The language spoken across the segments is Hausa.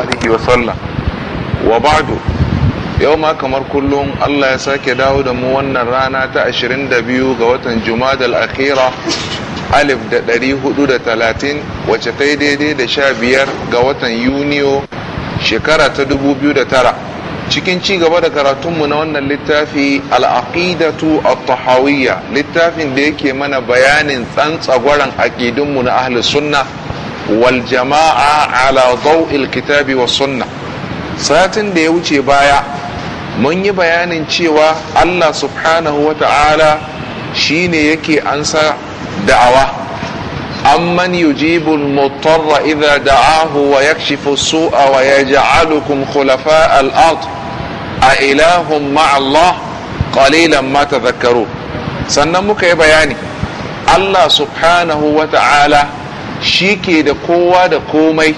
alaihi wa sallam wa ba'du yau ma kamar kullum Allah ya sake dawo da mu wannan rana ta 22 ga watan Jumadal Akhira alif da 430 wace kai daidai da 15 ga watan Yuniyo shekara ta 2009 cikin ci gaba da karatunmu na wannan littafi al'aqidatu a tahawiyya littafin da yake mana bayanin tsantsagwaran aƙidunmu na ahlus sunna wal jama'a ala daw'il kitabi was sunna satin da ya wuce baya mun yi bayanin cewa Allah subhanahu wa ta'ala shine yake ansa da'awa amman yujibul mutarra idza da'ahu wa yakshifu su'a wa yaj'alukum khulafa al-ard a ilahum ma'a Allah qalilan ma tadhakkarun sannan muka yi bayani Allah subhanahu wa ta'ala shi ke da kowa da komai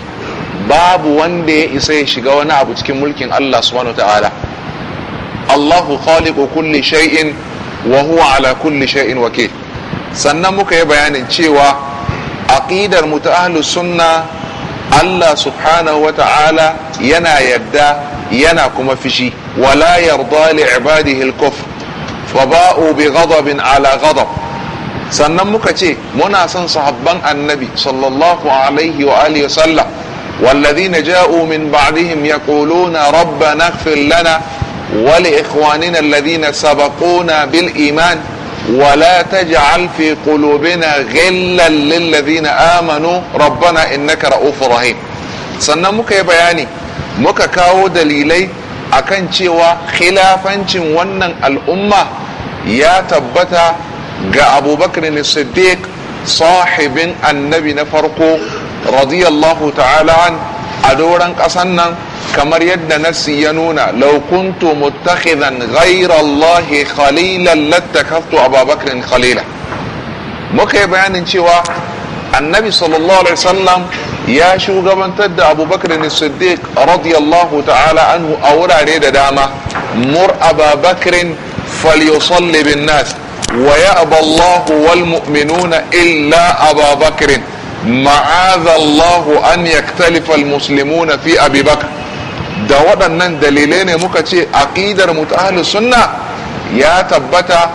babu wanda ya isa ya shiga wani abu cikin mulkin Allah subhanahu ta'ala Allahu khaliqu kulli shay'in wa huwa ala kulli shay'in wakil sannan muka yi bayanin cewa aƙidar mu ta sunna Allah subhanahu wa ta'ala yana yadda yana kuma fishi wala yarda li ibadihi al-kufr fa ba'u bi ghadabin ala ghadab sannan muka ce muna son sahabban annabi sallallahu alaihi wa alihi wa sallam والذين جاءوا من بعدهم يقولون ربنا اغفر لنا ولإخواننا الذين سبقونا بالإيمان ولا تجعل في قلوبنا غلا للذين آمنوا ربنا إنك رؤوف رحيم sannan muka yi bayani muka kawo dalilai akan cewa khilafancin wannan al'umma ya tabbata ga abubakar ne siddiq sahibin annabi na farko radiyallahu ta'ala an a doron ƙasan nan kamar yadda na ya nuna laukuntu muttakhidan ghayra Allah khalilan lattakaftu abubakar khalila muka yi bayanin cewa annabi sallallahu alaihi wasallam ya shugabantar da abubakar siddiq radiyallahu ta'ala anhu a wurare da dama mur abubakar falyusalli bin nas ويأبى الله والمؤمنون إلا أبا بكر معاذ الله أن يختلف المسلمون في أبي بكر da waɗannan dalilai ne muka ce aƙidar mutu sunna ya tabbata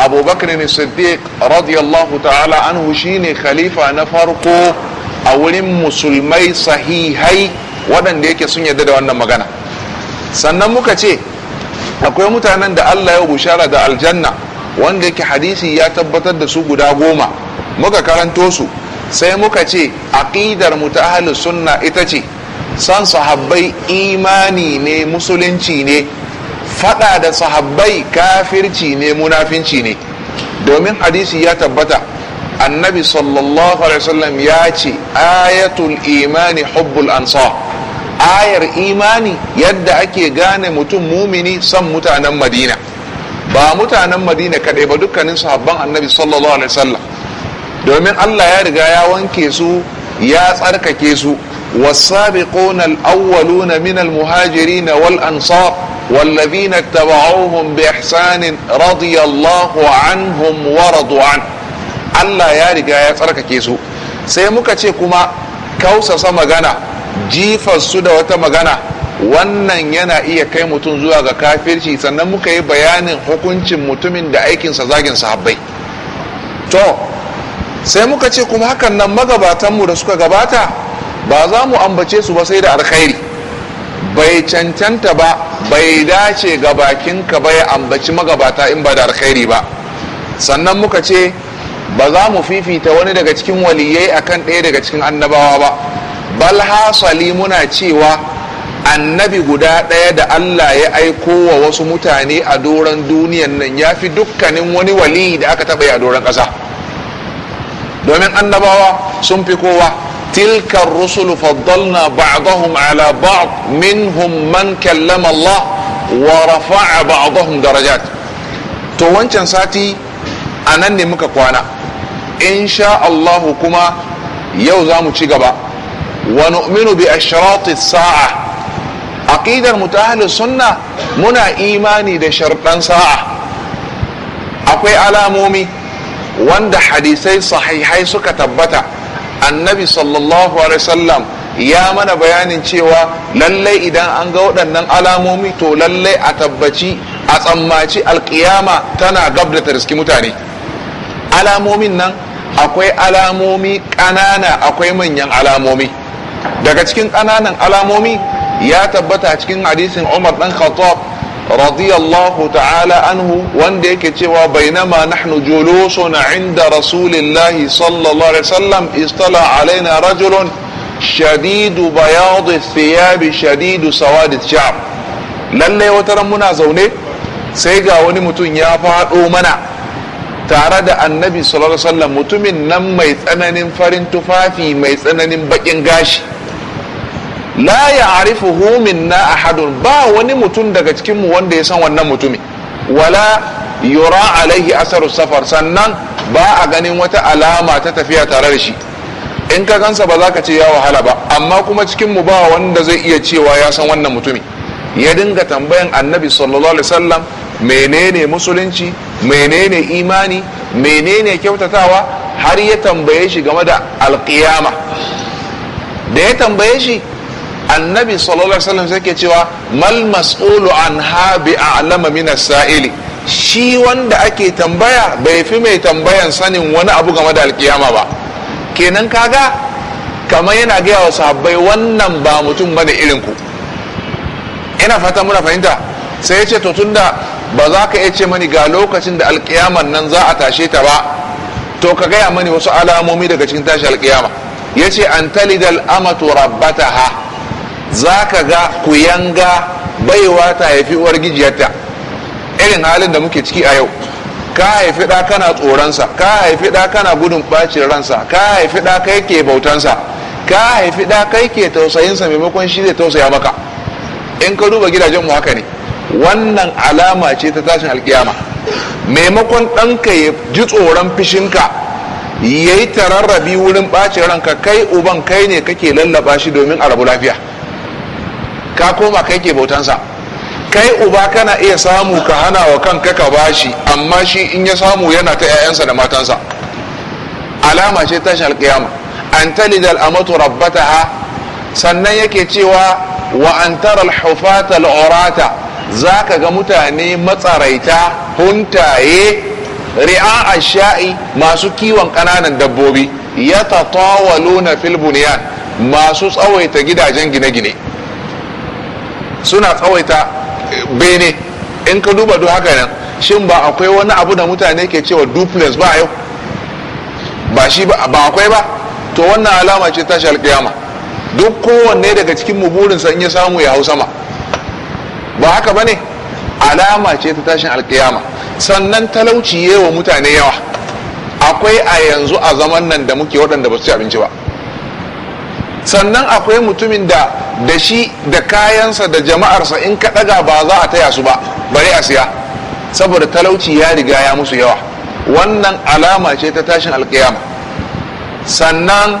abubakar ne siddiq radiyallahu ta'ala anhu ne khalifa na farko a wurin musulmai sahihai waɗanda yake sun yadda da wannan magana sannan muka ce akwai mutanen da allah ya bushara da aljanna wanda yake hadisi ya tabbatar da su guda goma muka karanto su sai muka ce aƙidar mu ta ahlus sunna ita ce san sahabbai imani ne musulunci ne fada da sahabbai kafirci ne munafinci ne domin hadisi ya tabbata annabi sallallahu alaihi wasallam ya ce ayatul imani hubbul ansar ayar imani yadda ake gane mutum mumini san mutanen madina ba mutanen madina kadai ba dukkanin su habban annabi sallallahu alaihi wasallam domin Allah ya riga ya wanke su ya tsarkake su wasabiquna alawaluna min almuhajirin wal ansar wal ladina tabauhum bi ihsan radiyallahu anhum wa radu Allah ya riga ya tsarkake su sai muka ce kuma kausa sa magana jifa su da wata magana wannan yana iya kai mutum zuwa ga kafirci sannan muka yi bayanin hukuncin mutumin da aikinsa zagin sahabbai to sai muka ce kuma hakan nan magabatanmu da suka gabata ba za mu ambace su ba sai da alkhairi bai cancanta ba bai dace ga bakinka ba ya ambaci magabata in ba da alkhairi ba sannan muka ce ba za mu fifita wani daga cikin waliyyai akan ɗaya daga cikin annabawa ba bal hasali muna cewa annabi guda ɗaya da Allah ya aiko wa wasu mutane a doron duniyan nan ya fi dukkanin wani wali da aka taɓa yi a doron ƙasa domin annabawa sun fi kowa tilka rusul faddalna ba'dahum ala ba'd minhum man kallama Allah wa rafa'a ba'dahum darajat to wancan sati anan ne muka kwana insha Allah kuma yau za mu ci gaba wa nu'minu bi ashrati sa'ah aqidar mu ta ahlus sunna muna imani da sharɗan sa'a akwai alamomi wanda hadisai sahihai suka tabbata annabi sallallahu alaihi wasallam ya mana bayanin cewa lallai idan an ga waɗannan alamomi to lallai a tabbaci a tsammaci alƙiyama tana gab da ta riski mutane alamomin nan akwai alamomi ƙanana akwai manyan alamomi daga cikin ƙananan alamomi ya tabbata cikin hadisin Umar dan Khattab radiyallahu ta'ala anhu wanda yake cewa bainama nahnu julusuna inda rasulillahi sallallahu alaihi wasallam istala alaina rajulun shadidu bayad thiyab shadidu sawad sha'b lalle wata ran muna zaune sai ga wani mutum ya fado mana tare da annabi sallallahu alaihi wasallam mutumin nan mai tsananin farin tufafi mai tsananin bakin gashi la ya na na ahadun ba wani mutum daga cikinmu wanda ya san wannan mutumin wala yura alaihi asaru safar sannan ba a ganin wata alama ta tafiya tare da shi in ka gansa ba za ka ce ya wahala ba amma kuma cikinmu ba wanda zai iya cewa ya san wannan mutumin ya dinga tambayan annabi sallallahu alaihi wasallam menene musulunci menene imani menene kyautatawa har ya tambaye shi game da alkiyama da ya tambaye shi annabi sallallahu alaihi wasallam sai cewa mal mas'ulu an ha bi a'lama min as-sa'ili shi wanda ake tambaya bai fi mai tambayan sanin wani abu game da alkiyama ba kenan kaga kamar yana gaya wa sahabbai wannan ba mutum bane irin ku ina fata muna fahimta sai ya ce to tunda ba za ka iya ce mani ga lokacin da alkiyaman nan za a tashe ta ba to ka gaya mani wasu alamomi daga cikin tashi alkiyama ya ce an talidal amatu rabbataha za ka ga ku yanga baiwa ta haifi uwar gijiyarta irin halin da muke ciki a yau ka haifi ɗa kana tsoronsa ka haifi ɗa kana gudun ɓacin ransa ka haifi ɗa kai ke bautansa ka haifi ɗa kai ke tausayinsa maimakon shi zai tausaya maka in ka duba gidajen mu haka ne wannan alama ce ta tashin alkiyama maimakon ɗanka ya ji tsoron fishinka ya yi tararrabi wurin ɓacin ranka kai uban kai ne kake lallaba shi domin a rabu lafiya ka koma kai ke bautansa kai uba kana iya samu ka hana wa kanka ka bashi amma shi in ya samu yana ta 'ya'yansa da matansa alama ce tashin alkiyama an talida al'amatu rabbataha sannan yake cewa wa an tara alhufata za ka ga mutane matsaraita huntaye ri'a sha'i masu kiwon ƙananan dabbobi ya tatawaluna na filbuniyan, masu tsawaita gidajen gine-gine suna tsawaita bene in ka duba duk haka nan shin ba akwai wani abu da mutane ke cewa duplex ba yau ba shi ba akwai ba to wannan alama ce tashi alkiyama duk kowanne daga cikin muburin burinsa in ya samu ya hau sama ba haka ba ne alama ce ta tashin alkiyama sannan talauci yawa mutane yawa akwai a yanzu a zaman nan da muke waɗanda ba su ci abinci ba sannan akwai mutumin da da shi da kayansa da jama'arsa in ka ɗaga ba za a taya su ba bari a siya saboda talauci ya riga ya musu yawa wannan alama ce ta tashin alkiyama sannan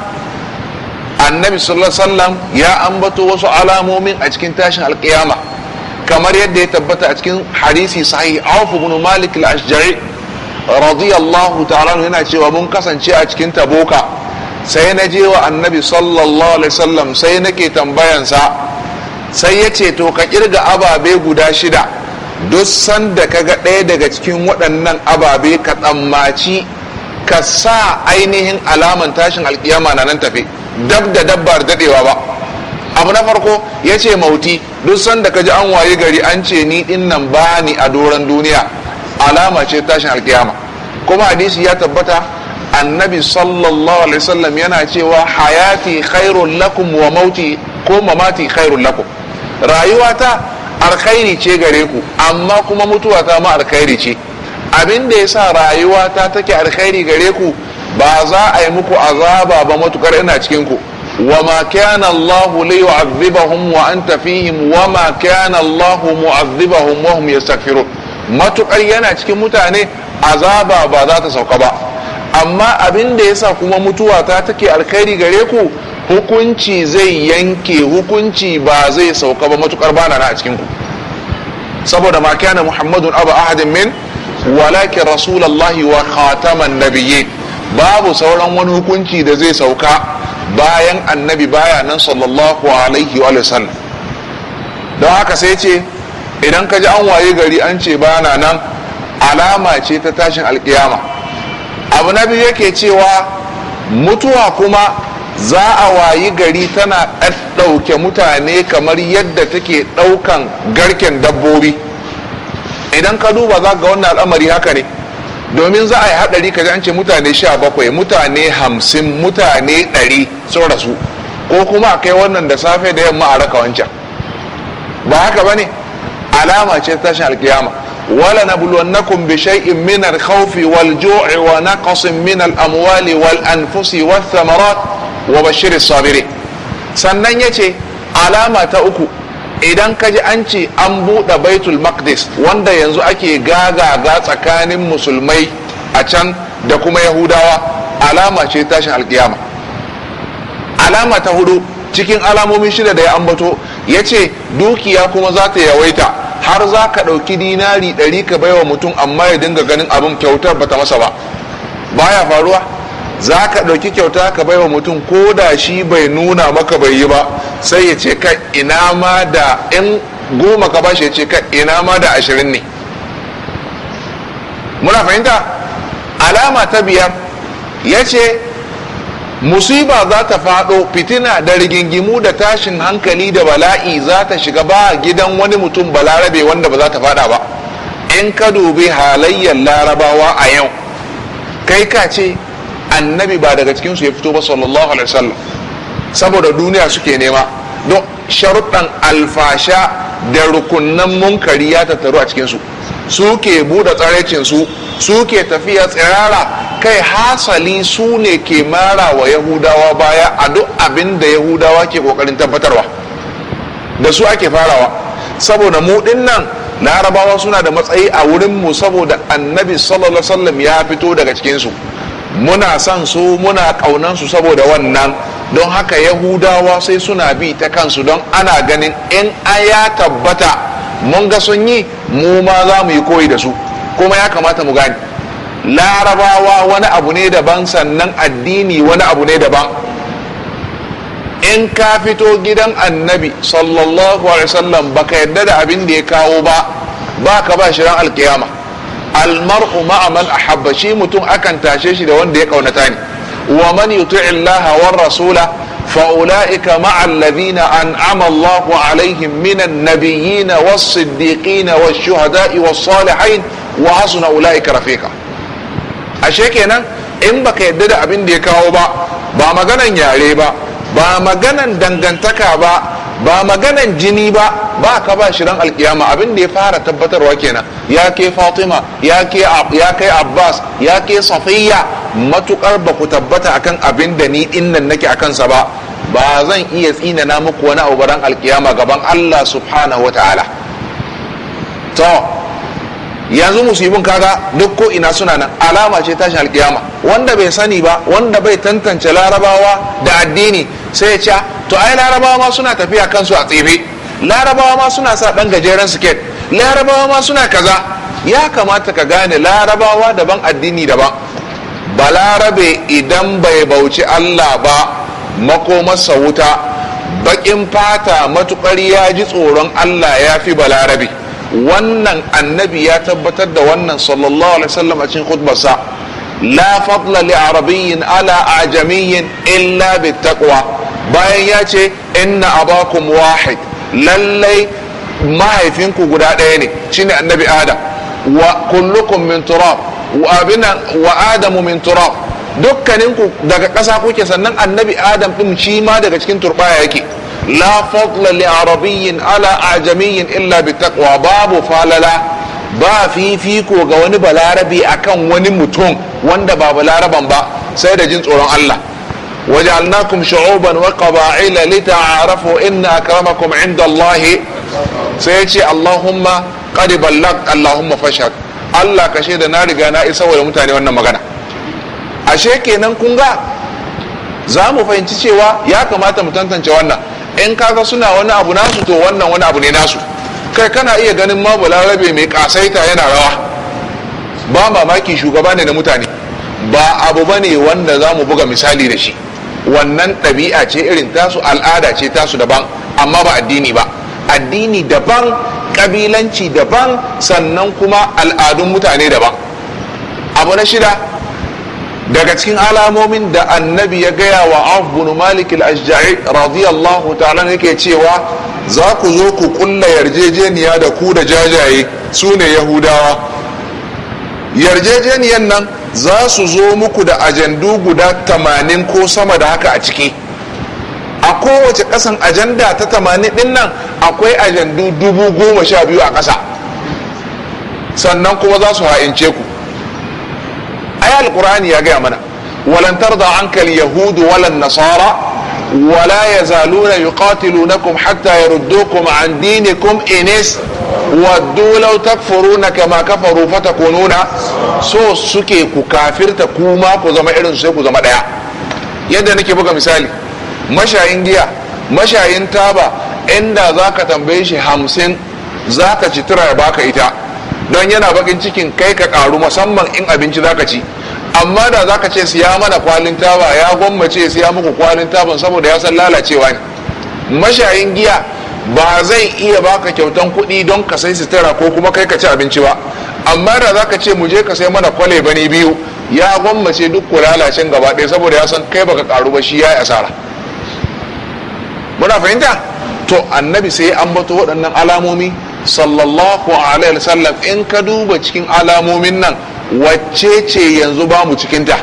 annabi sallallahu sallam ya ambato wasu alamomin a cikin tashin alkiyama kamar yadda ya tabbata a cikin hadisi sahih auf ibn malik al-ashja'i radiyallahu ta'ala yana cewa mun kasance a cikin taboka sai na je wa annabi sallallahu alaihi wasallam sai nake tambayansa sai ya ce to ka kirga ababe guda shida duk sanda ka ga ɗaya daga cikin waɗannan ababe ka tsammaci ka sa ainihin alaman tashin alkiyama na nan tafe dab da dabba da daɗewa ba abu na farko ya ce mauti duk sanda ka ji an waye gari an ce ni din nan ba ni a doron duniya alama ce tashin alkiyama kuma hadisi ya tabbata annabi sallallahu alaihi wasallam yana cewa hayati khairul lakum wa mauti ko mamati khairul lakum rayuwata alkhairi ce gare ku amma kuma mutuwa ta ma alkhairi ce abin da yasa rayuwata take alkhairi gare ku ba za a yi muku azaba ba matukar ina cikin ku wa ma kana Allahu li yu'adhibahum wa anta fihim wa ma kana Allahu mu'adhibahum wa hum yastaghfirun matukar yana cikin mutane azaba ba za ta sauka ba amma abin da ya sa kuma mutuwa ta take alkhairi gare ku hukunci zai yanke hukunci ba zai sauka ba matukar bana na a cikin ku saboda ma kana muhammadun abu ahadin min walakin rasulallahi wa khataman nabiyyin babu sauran wani hukunci da zai sauka bayan annabi baya nan sallallahu alaihi wa sallam don haka sai ce idan ka ji an waye gari an ce bana nan alama ce ta tashin alkiyama abu na biyu yake cewa mutuwa kuma za a wayi gari tana ɗauke mutane kamar yadda take ɗaukan garken dabbobi idan ka duba za ga wannan al'amari haka ne domin za a yi haɗari ka an ce mutane sha bakwai mutane hamsin mutane ɗari sun rasu ko kuma a kai wannan da safe da yamma a raka wancan ba haka ba ne alama ce tashin alkiyama wala na bi shay'in min al kaufi wal wa naqsin min al-amwali wal anfusi wath wa sannan yace alama ta uku idan ka ji an ce an buɗe baitul maqdis wanda yanzu ake gagaga tsakanin musulmai a can da kuma yahudawa alama ce tashin alkiyama alama ta hudu cikin alamomin shida da ya ambato ya ce dukiya kuma za ta yawaita har za ka ɗauki dinari ɗari ka baiwa mutum amma ya dinga ganin abin kyautar bata masa ba baya faruwa za ka ɗauki kyauta ka bai wa mutum ko da shi bai nuna maka bai yi ba sai ya ce ka ina ma da in goma ka bashi ya ce ka ina ma da ashirin ne muna fahimta alama ta biyar ya ce musiba za ta faɗo fitina da rigingimu da tashin hankali da bala'i za ta shiga ba gidan wani mutum balarabe wanda ba za ta faɗa ba in ka dubi halayyar larabawa a yau kai ka ce annabi ba daga cikinsu ya fito ba sallallahu alaihi wasallam saboda duniya suke nema don sharuɗan alfasha da rukunnan munkari ya tattaru a cikinsu su suke buɗe su ke tafiya tsirara kai hasali su ne ke mara wa yahudawa baya a duk abin da yahudawa ke kokarin tabbatarwa da su ake farawa saboda mu nan larabawa suna da matsayi a wurinmu saboda annabi sallallahu sallam ya fito daga cikinsu muna son su muna ƙaunansu saboda wannan don haka yahudawa sai suna bi ta kansu don ana ganin in a ya tabbata mun ga sun yi mu ma za mu yi koyi da su kuma ya kamata mu gane larabawa wani abu ne daban sannan addini wani abu ne daban in ka fito gidan annabi sallallahu alaihi wasallam baka yadda da abin da ya kawo ba ba ka ba shirin alkiyama almar'u ma'a man ahabba shi mutum akan tashe shi da wanda ya kaunata ne wa man yuti'i Allah rasula فأولئك مع الذين أنعم الله عليهم من النبيين والصديقين والشهداء والصالحين وحسن أولئك رفيقا أشيكينا إن بك يدد أبن ديكاو با با مغانا ياري با ba maganan dangantaka ba ba maganan jini ba ba ka ba shi ran alkiyama abin da ya fara tabbatarwa kenan ya ke fatima ya ke ya kai abbas ya ke safiya matukar ba ku tabbata akan abin da ni dinnan nake akan sa ba ba zan iya tsina na muku wani abu ran alkiyama gaban Allah subhanahu wataala to yanzu musibin kaga duk ko ina suna nan alama ce tashin alkiyama wanda bai sani ba wanda bai tantance larabawa da addini sai ya ce ah, to ai larabawa ma suna tafiya kansu a tsibe larabawa ma suna sa dan gajeren siket larabawa ma suna kaza ya kamata ka gane larabawa daban addini daban balarabe idan bai bauci allah ba makomarsa wuta baƙin fata matuƙar ya ji tsoron allah ya fi balarabe wannan annabi ya tabbatar da wannan sallallahu alaihi wasallam a cikin khutbarsa la fadla li arabiyyin ala ajamiyyin illa bittaqwa bayan ya ce inna abakum wahid lallai mahaifinku guda ɗaya ne shine annabi adam wa kullukum min turab wa abina wa adamu min turab dukkaninku daga ƙasa kuke sannan annabi adam ɗin shi ma daga cikin turbaya yake la fadla li arabiyyin ala jami'in illa bi taqwa babu falala ba fifiko ga wani balarabi akan wani mutum wanda ba balaraban ba sai da jin tsoron Allah waj'alnakum shu'uban wa qaba'ila lita'arafu inna akramakum 'inda Allah sai ya ce Allahumma qad ballag Allahumma fashhad Allah ka da na riga na isa wa mutane wannan magana ashe kenan kun ga za mu fahimci cewa ya kamata mu tantance wannan in kaga suna wani abu nasu to wannan wani abu ne nasu kai kana iya ganin ma balarabe mai kasaita yana rawa ba mamaki shugaba ne na mutane ba abu bane wanda za mu buga misali da shi wannan ɗabi'a ce irin tasu al'ada ce tasu daban amma ba addini ba addini daban ƙabilanci daban sannan kuma al'adun mutane daban abu na shida daga cikin alamomin da annabi ya gaya wa abubuwan malik al radiyallahu ta'ala yake cewa za ku zo ku kulla yarjejeniya da ku da jajaye su ne yahudawa yarjejeniyan nan za su zo muku da ajandu guda tamanin ko sama da haka a ciki a kowace ƙasan ajanda ta tamanin din nan akwai ajandu dubu goma sha biyu a ƙasa sannan kuma za su ha'ince ku ai alqur'ani ya gaya mana walan tarda anka alyahud wala nasara wala yazaluna yuqatilunakum hatta yaruddukum an dinikum in waddu law takfuruna kama kafaru fatakununa so suke ku kafirta kuma ku zama irin sai ku zama daya yadda nake buga misali mashayin giya mashayin taba inda zaka tambaye shi hamsin zaka ci tura ya baka ita don yana bakin cikin kai ka karu musamman in abinci zaka ci amma da zaka ce siya mana kwalin taba ya gwammace siya muku kwalin taban saboda ya san lalacewa ne mashayin giya ba zai iya baka kyautan kuɗi don ka sai sitara ko kuma kai ka ci abinci ba amma da zaka ce mu je ka sai mana kwale ba ne biyu ya gwammace duk ku lalacin gaba ɗaya saboda ya san kai baka karu ba shi ya yi asara muna fahimta to annabi sai an bato waɗannan alamomi sallallahu alaihi wasallam in ka duba cikin alamomin nan wacce ce yanzu ba mu cikinta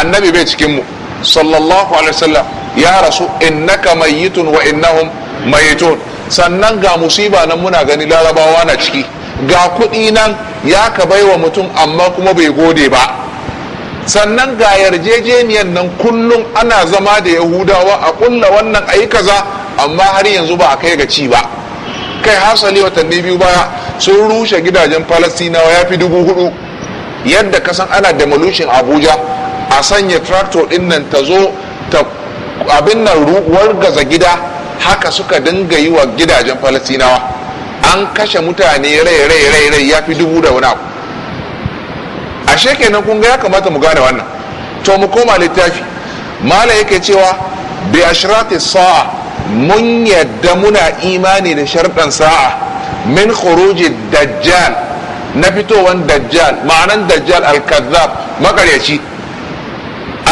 annabi bai cikinmu sallallahu alaihi wasallam ya rasu innaka mayitun wa innahum mayitun sannan ga musiba nan muna gani larabawa na ciki ga kuɗi nan ya ka baiwa mutum amma kuma bai gode ba sannan ga yarjejeniyan nan kullum ana zama da yahudawa a ƙulla wannan ayi kaza amma har yanzu ba a kai ga ci ba kai hasali watanni biyu baya sun rushe gidajen palestinawa ya fi dubu hudu yadda kasan ana demolition abuja a sanya tractor din nan ta zo ta abin nan wargaza gida haka suka dinga yi wa gidajen palestinawa an kashe mutane rai rai rai ya fi dubu da wani abu ashe kenan kun ga ya kamata mu gane wannan to mu koma littafi mala yake cewa bi ashrati sa'a mun yadda muna imani da sharɗan sa'a min khuruji dajjal na fitowan dajjal ma'anan dajjal al-kazzab makaryaci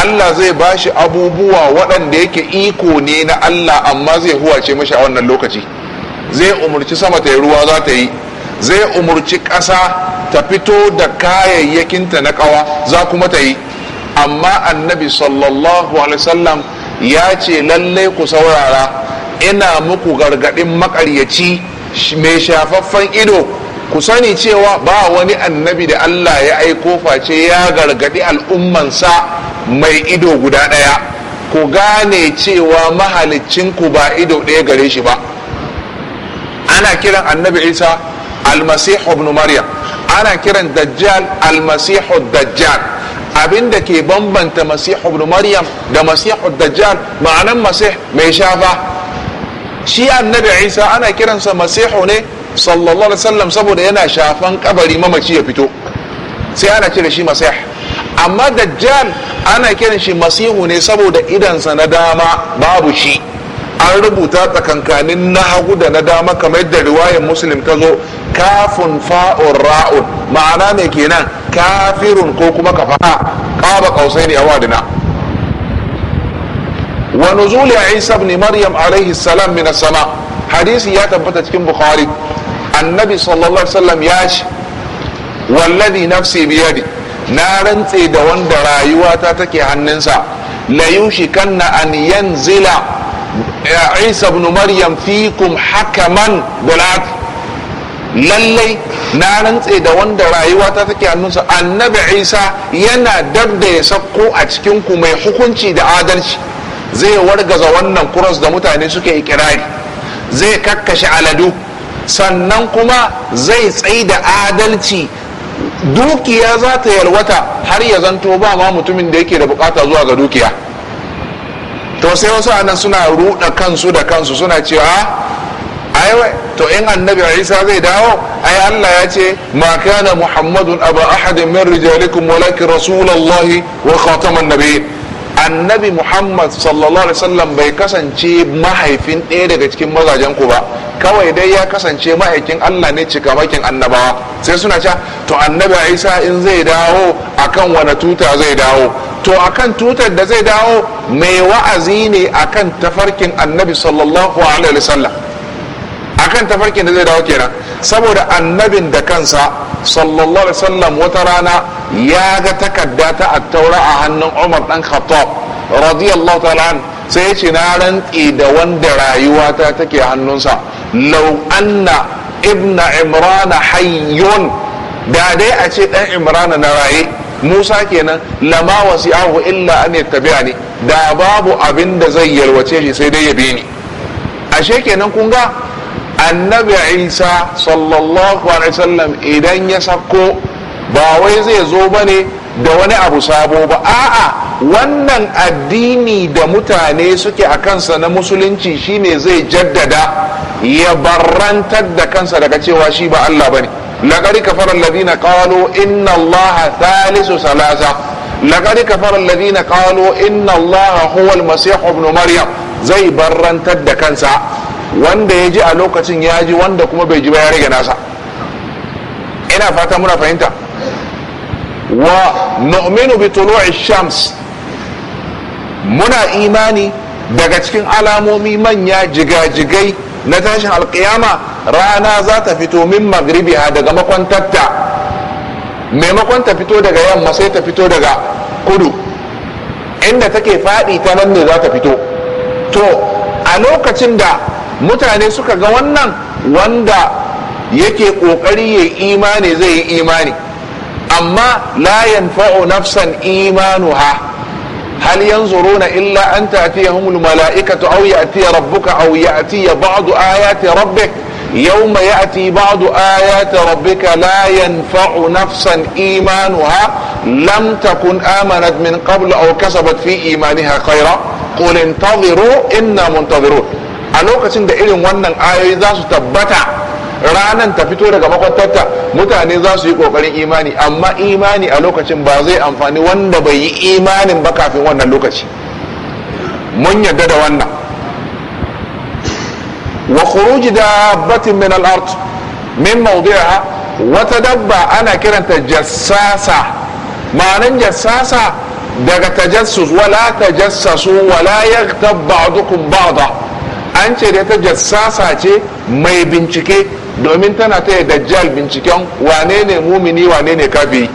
Allah zai bashi abubuwa waɗanda yake iko ne na Allah amma zai huwace mashi a wannan lokaci zai umarci sama ta yi ruwa za ta yi zai umarci ƙasa ta fito da kayayyakinta na ƙawa za kuma ta yi amma annabi sallallahu alaihi wasallam ya ce lallai ku saurara ina muku gargaɗin makaryaci mai shafaffen ido ku sani cewa ba wani annabi da Allah ya aiko face ya gargaɗi al'ummansa mai ido guda ɗaya ku gane cewa ku ba ido ɗaya gare shi ba ana kiran annabi isa almasihu ibn maryam ana kiran dajjal almasihu dajjal abin da ke bambanta masihu ibn maryam da masihu dajjal ma'anan masih mai shafa shi annabi isa ana kiransa masihu ne sallallahu alaihi wasallam saboda yana shafan kabari mamaci ya fito sai ana cire shi masih amma dajjal ana kiran shi masihu ne saboda idansa na dama babu shi an rubuta tsakankanin na hagu da na dama kamar yadda riwayar muslim ta zo Kafin fa'un ra'un ma'ana mai kenan kafirun ko kuma ƙaba ƙausai ne a adna wa nuzul isa ibn maryam alayhi salam min sama hadisi ya tabbata cikin bukhari annabi sallallahu alaihi wasallam ya ce wallazi nafsi biyadi na rantse da wanda rayuwata take hannunsa la yushikanna an yanzila isa ibn maryam fikum hakaman bulat lallai na rantse da wanda rayuwa ta take hannunsa annabi isa yana dab ya sakko a cikin ku mai hukunci da adalci zai wargaza wannan kuros da mutane suke ikirari zai kakkashe aladu sannan kuma zai tsayi da adalci dukiya za ta yalwata har ya zanto ba ma mutumin da yake da bukata zuwa ga dukiya to sai wasu anan suna ruɗa kansu da kansu suna cewa aiwa to in annabi isa zai dawo ai allah ya ce ma kana muhammadun aba ahadin min rijalikum walakin rasulullahi wa khataman nabiyyin annabi muhammad sallallahu alaihi wasallam bai kasance mahaifin ɗaya daga cikin mazajen ku ba kawai dai ya kasance mahaifin allah ne cikamakin annabawa sai suna cewa to annabi isa in zai dawo akan wani tuta zai dawo to akan tutar da zai dawo mai wa'azi ne akan tafarkin annabi sallallahu alaihi wasallam akan tafarkin da zai dawo kenan saboda annabin da kansa sallallahu alaihi wasallam wata rana ya ga takarda ta attaura a hannun Umar dan Khattab radiyallahu ta'ala sai ya ce na rantsi da wanda rayuwa ta take hannunsa law anna ibna imrana hayyun da dai a ce dan imrana na raye musa kenan lama wasi'ahu illa an yattabi'a ni da babu abin da zai yalwace shi sai dai ya bi ni ashe kenan kun ga annabi isa sallallahu alaihi wasallam idan ya sako ba wai zai zo bane da wani abu sabo ba a'a wannan addini da mutane suke a kansa na musulunci shine zai jaddada ya barrantar da kansa daga cewa shi ba Allah bane laqad kafara ladina qalu inna allaha thalithu salasa laqad kafara ladina qalu inna allaha huwa almasih ibn maryam zai barrantar da kansa wanda ya ji a lokacin ya ji wanda kuma bai ji ba ya rage nasa ina fata muna fahimta wa nu'minu bi shams muna imani daga cikin alamomi manya jigajigai na tashin alkiyama rana za ta fito min a daga makwantatta maimakon ta fito daga yamma sai ta fito daga kudu inda take faɗi ta nan ne za ta fito to a lokacin da mutane suka ga wannan wanda yake ƙoƙari ya imani zai yi imani amma layan fa'u nafsan imanu ha hal yanzuru na illa an tafiye hulu mala’ika ta auya a tiye rabbuka auya a tiye ba du aya ta rabbe yau mai ya ati ba du aya ta rabbe ka layan fa’o nafsan imanu ha lam ta kun amanat min qabla au kasabat fi imani ha kaira kulin tabiru inna mun tabiru a lokacin da irin wannan ayoyi za su tabbata ranan ta fito daga makwantarta mutane za su yi kokarin imani amma imani a lokacin ba zai amfani wanda bai yi imanin ba kafin wannan lokaci mun yarda da wannan wa khuruj dabbatin min al-ard min mawdi'iha wata dabba ana kiranta jassasa ma'anan jassasa daga tajassus wala tajassasu wala yaghtab ba'dukum ba'da an ce da ta jassasa ce mai bincike domin tana ta yi dajjal binciken wane ne mumini wane ne kafi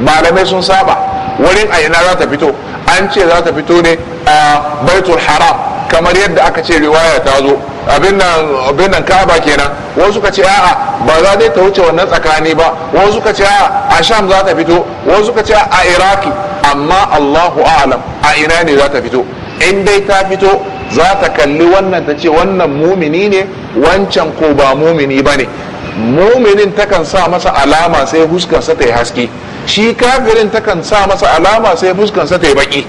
malamai sun saba wurin a ina za ta fito an ce za ta fito ne a baitul haram kamar yadda aka ce riwaya ta zo abin nan kenan wasu suka ce a'a ba za dai ta wuce wannan tsakani ba wasu suka ce a'a a sham za ta fito wasu suka ce a iraki amma allahu a'lam a ina ne za ta fito in dai ta fito za ta kalli wannan ta ce wannan mumini ne wancan ko ba mumini ba ne muminin takan sa masa alama sai fuskansa ta yi haske shi kafirin takan sa masa alama sai fuskansa ta yi baki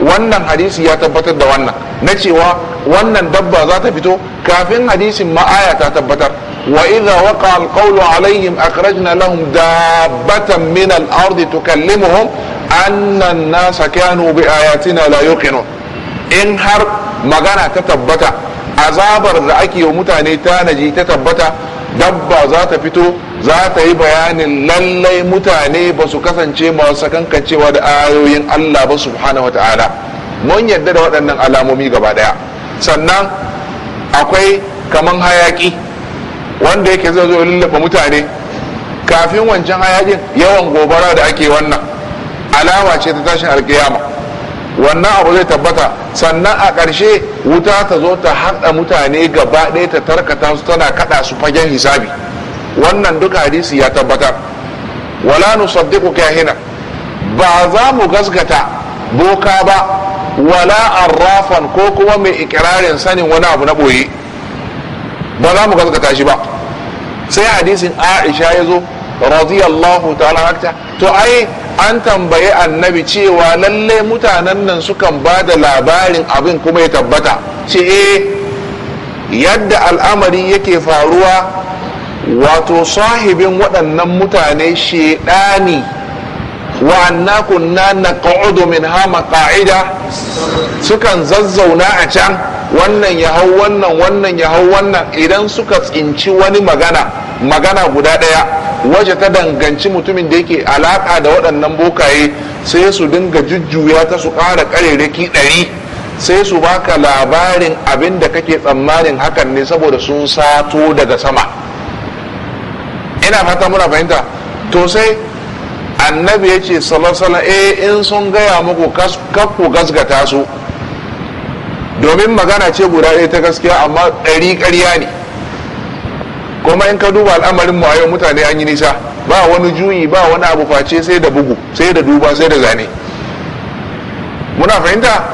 wannan hadisi ya tabbatar da wannan na cewa wannan dabba za ta fito kafin hadisin ma'aya ta tabbatar wa idza waqa alqawlu alaihim akhrajna lahum dabbatan min al-ard tukallimuhum anna an-nasa kanu bi ayatina la yuqinun in har magana ta tabbata azabar da ake wa mutane tanaji ta tabbata dabba za ta fito za ta yi bayanin lallai mutane ba su kasance masu sakankancewa da ayoyin Allah ba subhanahu wata'ala mun yadda da waɗannan alamomi gaba ɗaya sannan akwai kaman hayaƙi wanda yake zai zo lullafa mutane kafin wancan hayaƙin yawan gobara da ake wannan alama ce ta tashin alkiyama wannan abu zai tabbata sannan a ƙarshe wuta ta zo ta haɗa mutane gaba ɗaya ta tarkata su tana kaɗa su fagen hisabi wannan duka hadisi ya tabbata wala nusaddiqu kahina ba za mu gasgata boka ba wala arrafan ko kuma mai ikirarin sanin wani abu na boye ba za mu gasgata shi ba sai hadisin aisha ya zo radiyallahu ta'ala to ai an tambayi annabi cewa lalle mutanen nan sukan ba da labarin abin kuma ya tabbata ce eh yadda al'amari yake faruwa wato sahibin waɗannan mutane shedani wa na kunna ƙa'udu min hama ƙa'ida, sukan zazzauna a can wannan ya hau wannan wannan ya hau wannan idan suka tsinci wani magana magana guda ɗaya waje ta danganci mutumin da yake alaƙa da waɗannan bokaye sai su dinga jujjuya ta su ƙara ƙarerraki ɗari sai su baka labarin abin da kake tsammanin hakan ne saboda sun sato daga sama ina fata muna fahimta to sai annabi ya ce salasala eh in sun gaya muku kakku gasgata su domin magana ce guda ɗaya ta gaskiya amma ɗari ƙarya ne kuma in ka duba al'amarin mu a yau mutane an yi nisa ba wani juyi ba wani abu face sai da bugu sai da duba sai da zane muna fahimta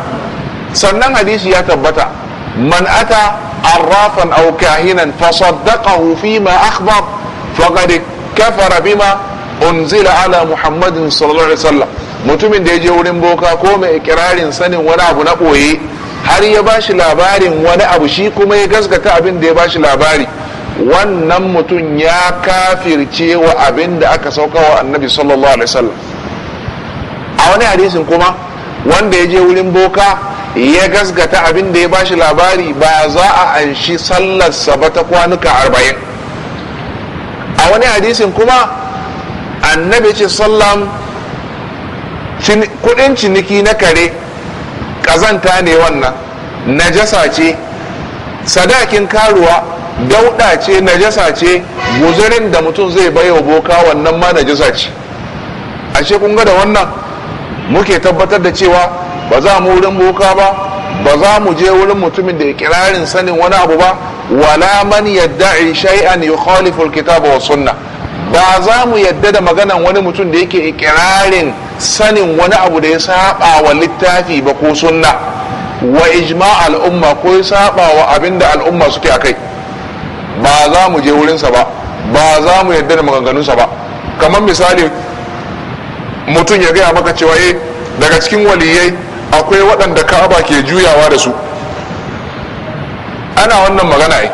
sannan hadisi ya tabbata man ata arrafan aw kahinan fa saddaqahu ma akhbar faqad kafara bima unzila ala muhammadin sallallahu alaihi wasallam mutumin da ya je wurin boka ko mai ikirarin sanin wani abu na boye har ya bashi labarin wani abu shi kuma ya gaskata abin da ya bashi labari wannan mutum ya kafirce wa abin da aka sauka wa annabi sallallahu alaihi wasallam a wani hadisin kuma wanda ya je wurin boka ya gasgata abin da ya bashi labari ba za a anshi sallarsa ba ta kwanuka arba'in a wani hadisin kuma annabi ce sallam kudin ciniki na kare kazanta ne wannan najasa ce sadakin karuwa dauda ce najasa ce guzurin da mutum zai bai wa boka wannan ma najasa ce ashe kun ga da wannan muke tabbatar da cewa ba za mu wurin boka ba ba za mu je wurin mutumin da ikirarin sanin wani abu ba wala man yadda'i shay'an yukhalifu alkitaba wa sunna ba za mu yadda da maganan wani mutum da yake ikirarin sanin wani abu da ya saba wa littafi ba ko sunna wa ijma al'umma ko ya saba wa abinda al'umma suke akai ba za mu je wurinsa ba ba za mu yarda da maganganunsa ba kamar misali mutum ya gaya maka cewa eh daga cikin waliyai akwai waɗanda ka'aba ke juyawa da su ana wannan magana ai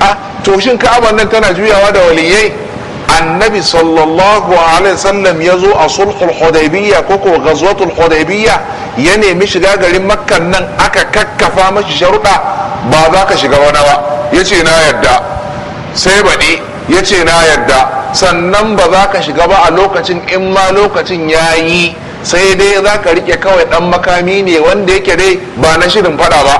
a to shin nan tana juyawa da waliyai annabi sallallahu alaihi wasallam ya zo a sulhul hudaybiyya ko ko ghazwatul hudaybiyya ya nemi shiga garin makkan nan aka kakkafa mashi sharuɗa ba za ka shiga wani ba ya ce na yadda sai baɗi ya ce na yadda sannan ba za ka shiga ba a lokacin in ma lokacin ya yi sai dai za ka riƙe kawai ɗan makami ne wanda yake dai ba na shirin faɗa ba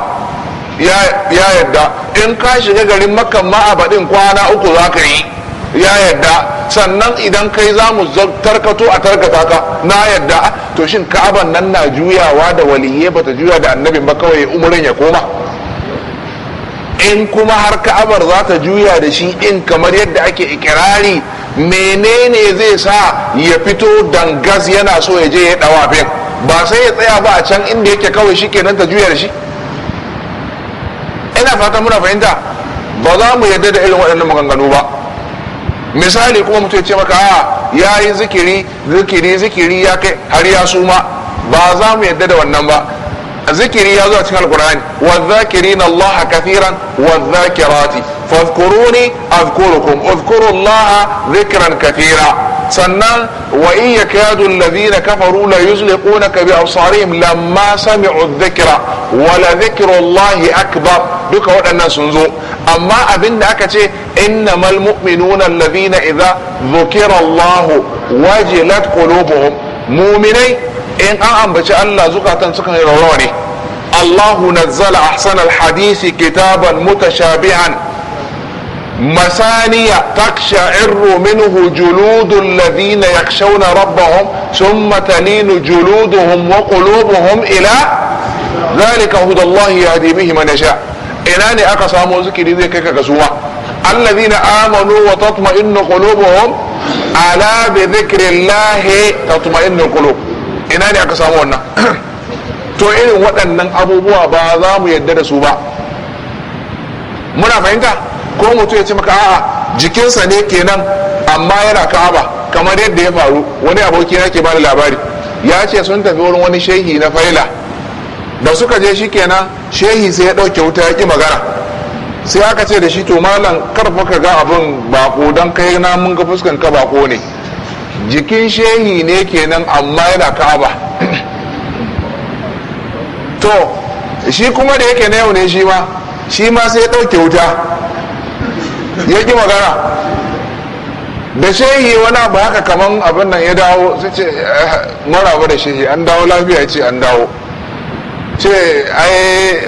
ya yadda in ka shiga garin makan ma a baɗin kwana uku za ka yi ya yadda sannan idan kai za mu tarkato a tarkata ka na yarda to shin ka'aban nan na juyawa da ba bata juya da annabin ba kawai umurin ya koma in kuma har ka'abar za ta juya da shi in kamar yadda ake ikirari menene zai sa ya fito dangas yana so ya je ya dawafin ba sai ya tsaya ba a can inda yake kawai shi kenan ta juya da shi ina fata muna fahimta ba za mu yadda da irin waɗannan maganganu ba misali kuma mutum ya ce maka a ya yi zikiri zikiri zikiri ya kai har ya suma ba za mu yadda da wannan ba zikiri ya zo a cikin alkur'ani wa zakirina Allah kathiran wa zakirati fadhkuruni azkurukum uzkuru Allah zikran kathira sannan wa in yakadu alladhina kafaru la yuzliqunaka bi absarihim lamma sami'u dhikra wa la dhikru Allah akbar duka waɗannan sun zo amma abinda aka ce innamal mu'minuna lazina idza dhukira Allah wajilat qulubuhum mu'minai in an ambaci Allah zukatan sukan yi rawa ne Allahu nazzala ahsan alhadisi kitaban mutashabihan masaniya taksha'irru minhu juludul ladina yakshawna rabbahum thumma taninu juluduhum wa qulubuhum ila dhalika hudallahi yahdi bihi man yasha ina ne aka samo zikiri zai kai ka kasuwa alladhina amanu wa tatma'innu qulubuhum ala bi dhikri llahi tatma'innu qulub ina ne aka samu wannan to irin waɗannan abubuwa ba za mu yarda da su ba muna fahimta ko mutum ya ci maka a'a jikinsa ne kenan amma yana ka'aba kamar yadda ya faru wani aboki na ke da labari ya ce sun tafi wurin wani shehi na faila da suka je shi kenan shehi sai ya ɗauke wuta ya ƙi magana sai aka ce da shi to malam karfa ka ga abin baƙo don kai na mun ga fuskan ka bako ne jikin shehi ne kenan amma yana ka'aba to shi kuma da yake na yau ne shi ma shi ma sai ya ɗauke wuta ya ƙi magana da shehi wani ba haka kaman abin nan ya dawo su ce eh, maraba da shehi an dawo lafiya ce an dawo ce ai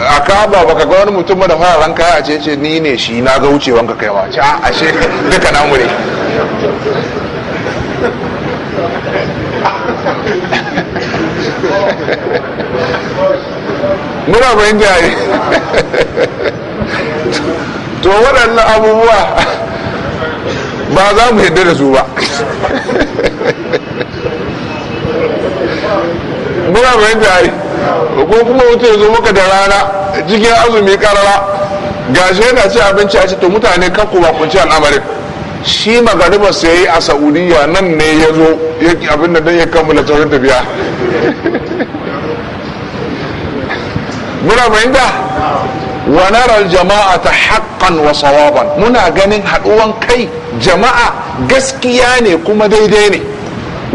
a kaba baka ga wani mutum da fara ranka ya ce ce ni ne shi na ga wucewanka kai ma ce a ashe duka namu ne muna bayan jari to waɗannan abubuwa ba za mu yadda da su ba muna bayan jari ko kuma wuce zo muka da rana cikin azumi karara gashi yana ci abinci a ci to mutane kan ku kunci al'amarin shi magariba sai yi a Saudiyya nan ne ya zo abin da don ya kammala sauran tafiya muna fahimta wa jama'a ta haƙƙan wasawaban. muna ganin haɗuwan kai jama'a gaskiya ne kuma daidai ne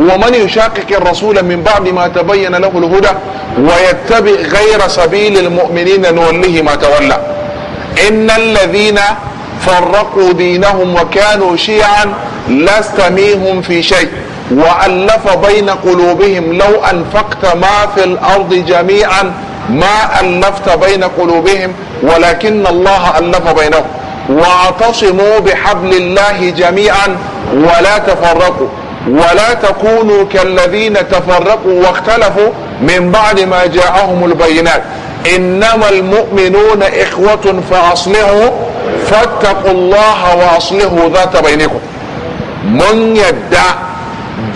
wa man yushaqiqir rasula min ba'di ma ta bayyana al-huda wa yattabi ghayra sabilil mu'minina nuwallihi ma tawalla innal ladhina فرقوا دينهم وكانوا شيعا لست منهم في شيء والف بين قلوبهم لو انفقت ما في الارض جميعا ما الفت بين قلوبهم ولكن الله الف بينهم واعتصموا بحبل الله جميعا ولا تفرقوا ولا تكونوا كالذين تفرقوا واختلفوا من بعد ما جاءهم البينات انما المؤمنون اخوه فاصلحوا fattaqullaha wa aslihu zata ku mun yadda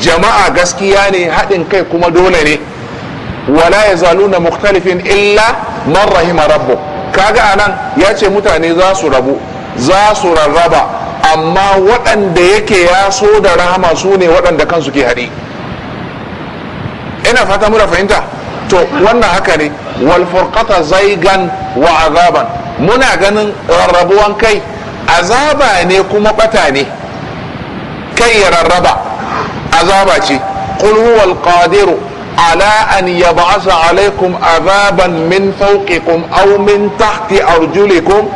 jama'a gaskiya ne haɗin kai kuma dole ne wala ya zaluna mukhtalifin illa man rahima rabbu kaga anan ya ce mutane za su rabu za su rarraba amma waɗanda yake ya so da rahama su ne waɗanda kansu ke haɗi ina fata muna fahimta to wannan haka ne wal zai zaigan wa azaban muna ganin rarrabuwan kai azaba ne kuma bata ne kai ya rarraba azaba ce qul huwal qadiru ala an yab'atha alaykum azaban min fawqikum aw min tahti arjulikum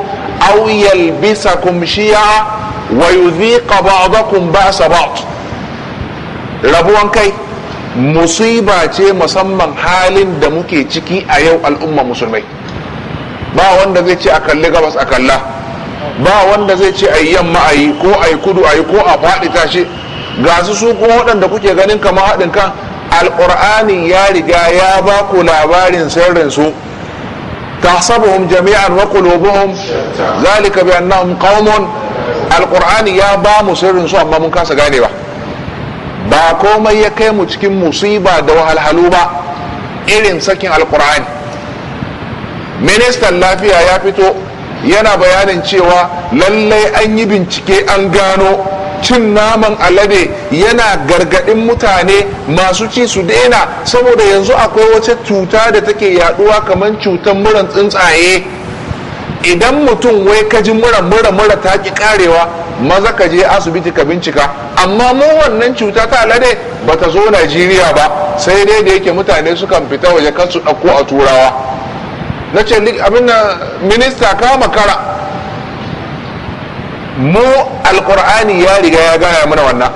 aw yalbisakum shi'a wa yudhiqa ba'dakum ba'sa ba'd rabuwan kai musiba ce musamman halin da muke ciki a yau al'umma musulmai ba wanda zai ce a kalli gabas a kalla ba wanda zai ce a yi yamma a yi ko a yi kudu a yi ko a faɗi tashi ga su su kuma waɗanda kuke ganin kama haɗin kan alƙur'ani ya riga ya ba ku labarin sirrin su tahsabuhum jami'an wa qulubuhum zalika bi annahum qaumun alqur'ani ya ba mu sirrin su amma mun kasa gane ba ba komai ya kai mu cikin musiba da wahalhalu ba irin sakin alqur'ani ministan lafiya ya fito yana bayanin cewa lallai an yi bincike an gano cin naman alade yana gargadin mutane masu ci su daina saboda yanzu akwai wace cuta da take yaduwa kamar cutar muran tsuntsaye idan mutum wai ka ji mura mura mura ta ki karewa maza ka je asibiti ka bincika amma mu wannan cuta ta alade ba ta zo najeriya ba sai dai da yake mutane sukan fita waje kansu su ɗauko a turawa na ce abin da minista kama kara mu alkur'ani ya riga ya gaya mana wannan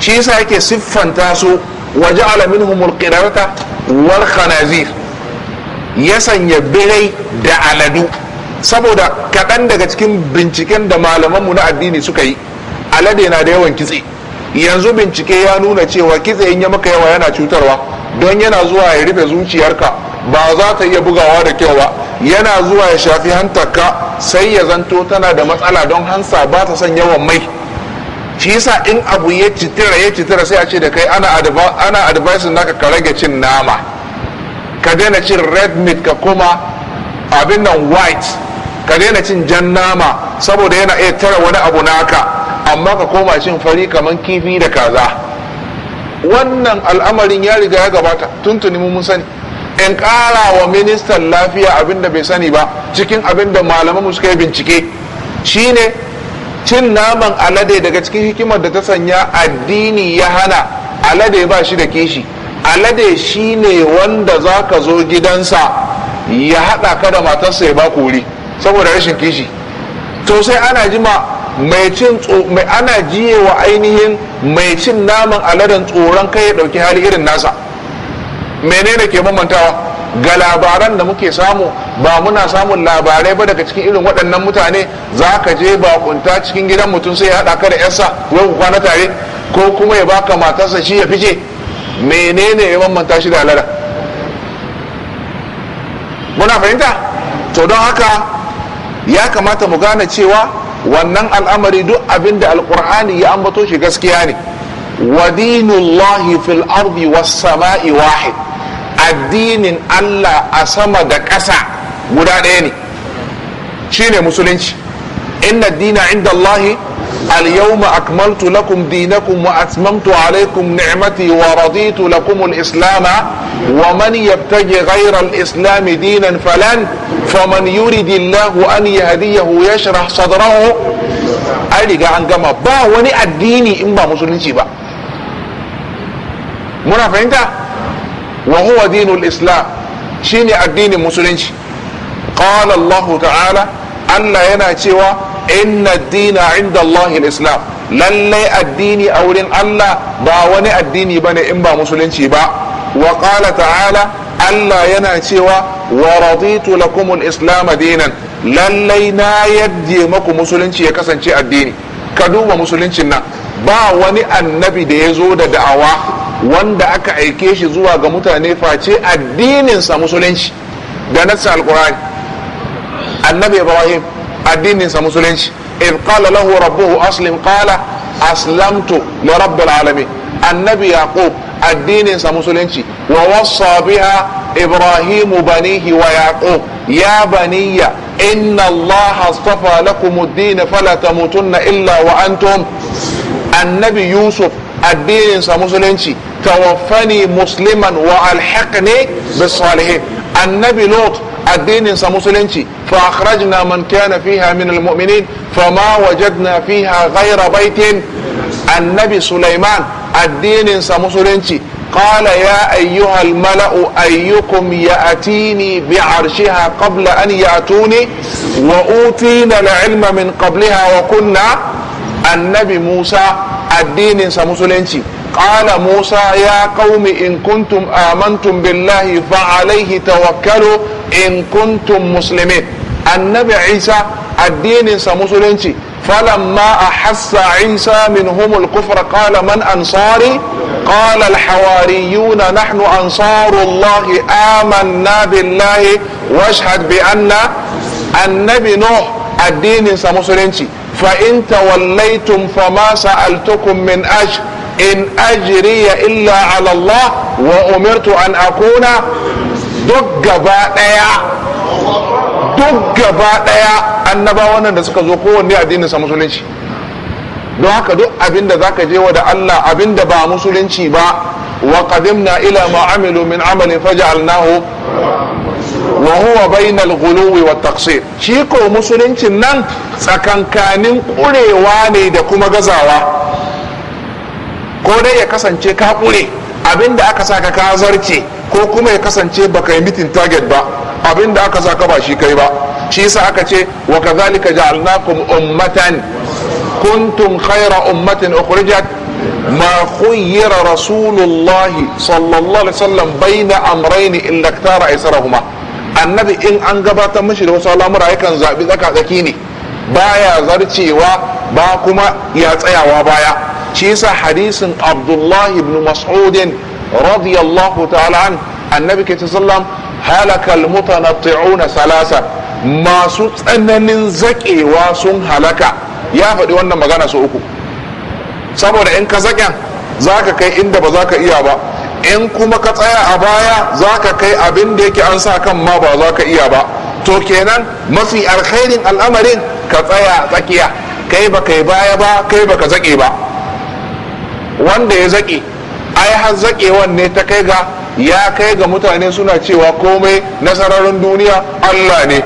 shi yasa yake siffanta su waje alamin humul qirarata wal khanazir ya sanya birai da aladu saboda kaɗan daga cikin binciken da malamanmu na addini suka yi alade na da yawan kitse yanzu bincike ya nuna cewa kitse in ya maka yawa yana cutarwa don yana zuwa ya rufe zuciyarka ba za ta iya bugawa da kyau ba yana zuwa ya shafi hantarka sai ya zanto tana da matsala don hansa ba ta son yawan mai shi yasa in abu ya citira ya citira sai a ce da kai ana advice naka ka rage cin nama ka daina cin red meat ka kuma abin nan white ka daina cin jan nama saboda yana iya tara wani abu naka amma ka koma cin fari kamar kifi da kaza wannan al'amarin ya riga ya gabata tuntuni mun sani in ƙara wa ministan lafiya abin da bai sani ba cikin abin da malamanmu suka yi bincike shine cin naman alade daga cikin hikimar da ta sanya addini ya hana alade ba shi da kishi alade shine wanda za ka zo gidansa ya haɗa ka da matarsa ya ba wuri saboda rashin kishi to sai ana jima mai cin ana jiye wa ainihin mai cin naman aladen tsoron kai ya ɗauki hali irin nasa menene ke mamantawa ga labaran da muke samu ba muna samun labarai ba daga cikin irin waɗannan mutane za ka je bakunta cikin gidan mutum sai ya haɗa ka da yarsa wai ku kwana tare ko kuma ya baka matarsa shi ya fice menene ya mamanta shi da alada muna fahimta to don haka ya kamata mu gane cewa wannan al'amari duk abin da alkur'ani ya ambato shi gaskiya ne wa dinullahi fil ardi was sama'i wahid addinin Allah a sama da ƙasa guda ɗaya ne shi ne musulunci inna dina inda Allahi al-yawma akmaltu lakum dinakum wa atmamtu alaykum ni'mati wa raditu lakum islama wa man yabtaji ghayra al-islam dinan falan faman yuridi Allah an yahdiyahu yashrah sadrahu ai riga ba wani addini in ba musulunci ba muna fahimta wa dinul islam shine addinin musulunci qala allah ta'ala allah yana cewa inna dina inda allah islam lallai addini a wurin allah ba wani addini bane in ba musulunci ba wa qala ta'ala allah yana cewa wa raditu lakum islam dinan lallai na yadda maku musulunci ya kasance addini ka duba musuluncin nan ba wani annabi da ya zo da da'awa wanda aka aike shi zuwa ga mutane face addininsa musulunci da nasa alkurari annabi ibrahim addininsa musulunci in kala lahu rabbuhu aslim kala aslamtu na rabbal annabi yaqub addininsa musulunci wa wasa biha ibrahim banihi wa yaqub ya baniya inna allah astafa lakum ad-din fala tamutunna illa wa antum annabi yusuf addinin sa musulunci tawaffani musliman wa alhaqni bis salihin annabi lot addinin sa musulunci fa akhrajna man kana fiha min almu'minin fama wajadna fiha ghayra baitin annabi sulaiman addinin sa musulunci قال يا أيها الملأ أيكم يأتيني بعرشها قبل أن يأتوني وأوتينا العلم من قبلها وكنا النبي موسى addinin sa musulunci qala musa ya qaumi in kuntum amantum billahi fa alaihi tawakkalu in kuntum muslimin annabi isa addininsa musulunci فلما أحس عيسى منهم الكفر قال من أنصاري قال الحواريون نحن أنصار الله آمنا بالله واشهد بأن النبي نوح الدين سمسلنشي فإن توليتم فما سألتكم من أجر إن أجري إلا على الله وأمرت أن أكون duk gaba ɗaya duk gaba annaba wannan da suka zo kowanne addinin sa musulunci don haka duk abinda zaka je wa da Allah abinda da ba musulunci ba wa qadimna ila ma amilu min amalin faj'alnahu wa huwa bainal ghuluwi wat taqsir shi ko musuluncin nan tsakankanin kurewa ne da kuma gazawa ko dai ya kasance ka kure abinda aka saka ka zarce ko kuma ya kasance baka yi mitin target ba abinda aka saka ba shi kai ba shi yasa aka ce wa kadhalika ja'alnakum ummatan kuntum khayra ummatin ukhrijat ما خير رسول الله صلى الله عليه وسلم بين امرين الا اختار ايسرهما annabi in an gabatar mashi da wasu al'amura yakan zaɓi tsaka-tsaki ne baya zarcewa ba kuma ya tsayawa baya shi yasa hadisin abdullahi ibn mas'udin radiyallahu ta'ala an annabi ke sallam halakal mutanatti'una salasa masu tsananin zaƙewa sun halaka ya faɗi wannan magana su uku saboda in ka zaƙen za ka kai inda ba za ka iya ba in kuma ka tsaya a baya za ka kai abin da yake an sa kan ma ba za ka iya ba to kenan mafi alkhairin al'amarin ka tsaya tsakiya kai ba kai baya ba kai ba ka zaƙe ba wanda ya zaƙe ai har zaƙewan ne ta kai ga ya kai ga mutane suna cewa komai nasararin duniya allah ne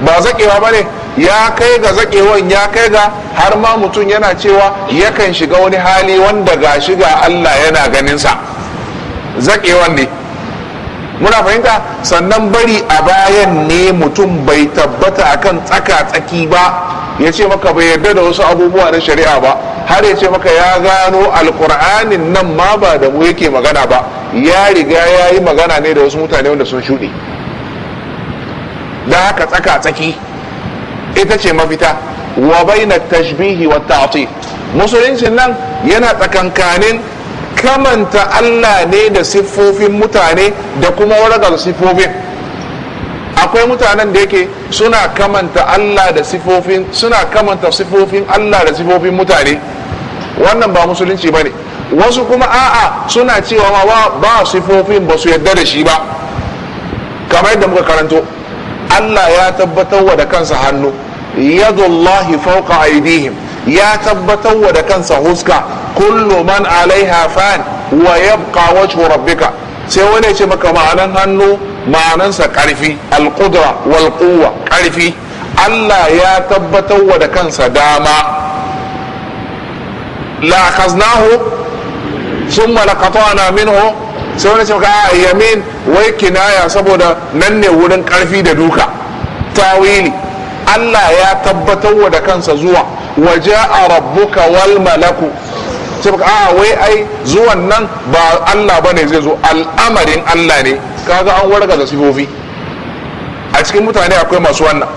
ba zaƙewa ba ne ya kai ga zaƙewan ya kai ga har ma mutum yana cewa yakan shiga wani hali wanda ga shiga allah yana ganinsa zaƙewan ne muna fahimta sannan bari a bayan ne mutum bai tabbata akan tsaka-tsaki ba ya ce maka bai yarda da wasu abubuwa na shari'a ba har ya ce maka ya gano alkur'anin nan ma ba da mu yake magana ba ya riga ya yi magana ne da wasu mutane wanda sun shuɗe da haka tsaka-tsaki ita ce mafita wa bai na tashbihi wa ta'til musulunci nan yana tsakankanin kamanta Allah ne da siffofin mutane da kuma wargar siffofin akwai mutanen da yake suna kamanta Allah da siffofin suna kamanta siffofin Allah da siffofin mutane wannan ba musulunci ba ne wasu kuma a'a suna cewa ma ba siffofin ba su yadda da shi ba kamar yadda muka karanto Allah ya tabbatar wa da kansa hannu yadullahi fauka aidihim ya tabbatar wa da kansa huska kullu man alaiha fan wa yabqa wajhu rabbika sai wani ya ce maka ma'anan hannu ma'anansa karfi alqudra wal quwwa karfi Allah ya tabbatar wa da kansa dama la khaznahu thumma laqata'na minhu sai wani ce maka yamin wai kinaya saboda nan ne wurin karfi da duka tawili Allah ya tabbatar wa da kansa zuwa waje a rabbuka wal malaku sai a wai ai zuwan nan ba Allah bane zai zo al'amarin Allah ne kaga an warga da sifofi a cikin mutane akwai masu wannan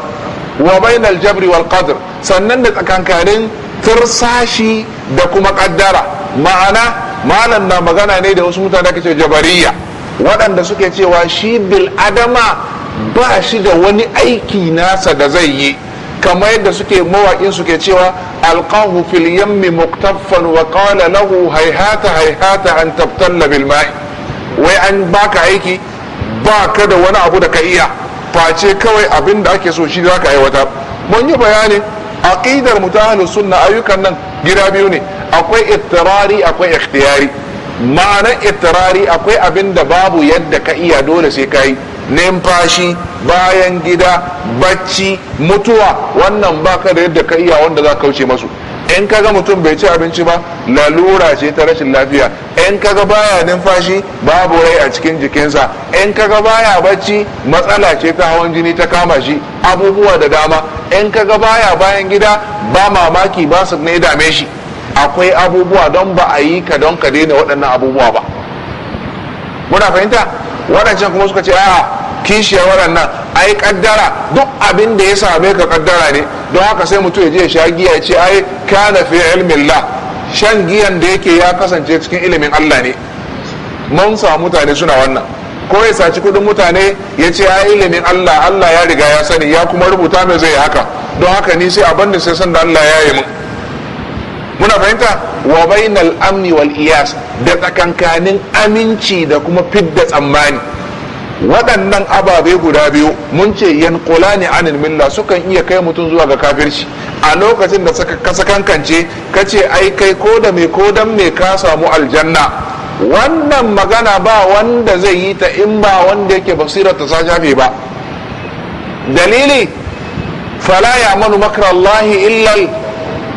wa bainal jabri wal qadr sannan da tsakankanin tirsashi da kuma kaddara ma'ana malam na magana ne da wasu mutane ce jabariya waɗanda suke cewa shi bil adama ba shi da wani aiki nasa da zai yi kamar yadda suke mawaƙin suke cewa alqahu fil yammi muktaffan wa qala lahu hayhata hayhata an tabtalla bil ma'i wai an baka aiki ba ka da wani abu da ka iya face kawai abin da ake so shi da ka aiwata mun yi bayanin aqidar mutahalin sunna ayyukan nan gida biyu ne akwai ittirari akwai ikhtiyari ma'anar ittirari akwai abin da babu yadda ka iya dole sai ka yi numfashi bayan gida bacci mutuwa wannan baka da yadda ka iya wanda za kauce masu in kaga mutum bai ci abinci ba lalura ce ta rashin lafiya in kaga baya numfashi babu rai a cikin jikinsa in kaga baya bacci matsala ce ta hawan jini ta kama shi abubuwa da dama in kaga baya bayan gida ba mamaki ba su ne dame shi akwai abubuwa don ba a yi ka don ka daina waɗannan abubuwa ba muna fahimta waɗancan kuma suka ce a kishiyar waɗannan ai kaddara duk abin da ya same ka kaddara ne don haka sai mutum ya je ya sha giya ya ce ai kana fi ilmin la shan giyan da yake ya kasance cikin ilimin Allah ne mun samu mutane suna wannan ko ya saci kudin mutane ya ce ai ilimin Allah Allah ya riga ya sani ya kuma rubuta mai zai haka don haka ni sai abin da sai san da Allah ya yi mun muna fahimta wa bainal amni wal iyas da tsakankanin aminci da kuma fidda tsammani waɗannan ababe guda biyu mun ce kula ne anil milla sukan iya kai mutum zuwa ga kafirci a lokacin da ka sakankance ka ce ai kai ko da mai ko dan mai ka samu aljanna wannan magana ba wanda zai yi ta in ba wanda yake basirar ta sa shafe ba dalili fala ya manu makarallahi illal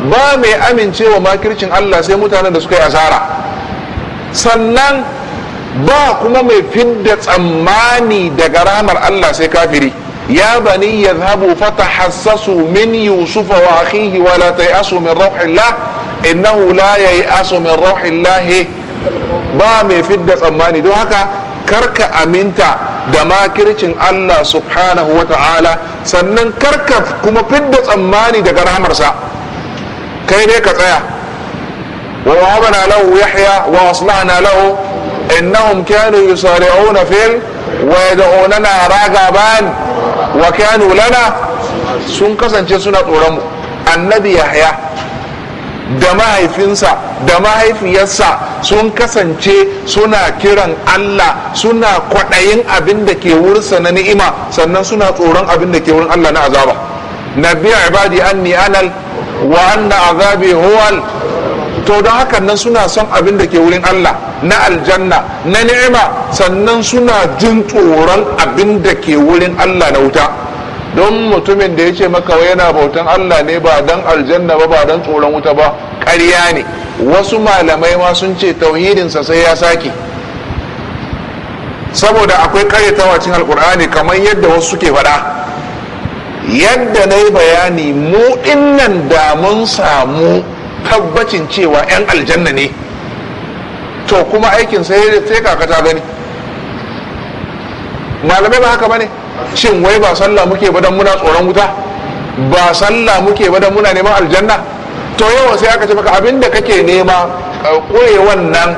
ba mai amincewa makircin Allah sai mutanen da suka yi asara sannan ba kuma mai fidda tsammani daga ramar Allah sai kafiri ya bani ya zabu fata hassasu min yusuf wa akhihi wa la ta'asu min rauhillah innahu la ya'asu min rauhillah ba mai fidda tsammani don haka karka aminta da makircin Allah subhanahu wa ta'ala sannan karka kuma fidda tsammani daga sa kai ne ka tsaya wa wahabana lahu yahya wa aslahna lahu innahum kanu yusari'una fil wa yad'unana ragaban wa kanu lana sun kasance suna tsoron mu annabi yahya da mahaifinsa da mahaifiyarsa sun kasance suna kiran Allah suna kwaɗayin abin da ke wursa na ni'ima sannan suna tsoron abin da ke wurin Allah na azaba nabi ibadi anni anal wa anna azabi huwa to don hakan nan suna son abin da ke wurin Allah na aljanna na ni'ima sannan suna jin tsoron abin da ke wurin Allah na wuta don mutumin da ya ce maka yana bautan Allah ne ba don aljanna ba ba dan tsoron wuta ba ƙarya ne wasu malamai ma sun ce sa sai ya sake saboda akwai ƙaryatawa wacin alkur'ani kamar yadda wasu suke faɗa yadda na yi bayani mu dinnan da mun samu tabbacin cewa 'yan aljanna ne to kuma aikin sai sai kaka ta gani malamai ba haka bane shin wai ba sallah muke ba dan muna tsoron wuta ba sallah muke ba dan muna neman aljanna to yawa sai aka ce maka abinda kake nema kurewan wannan,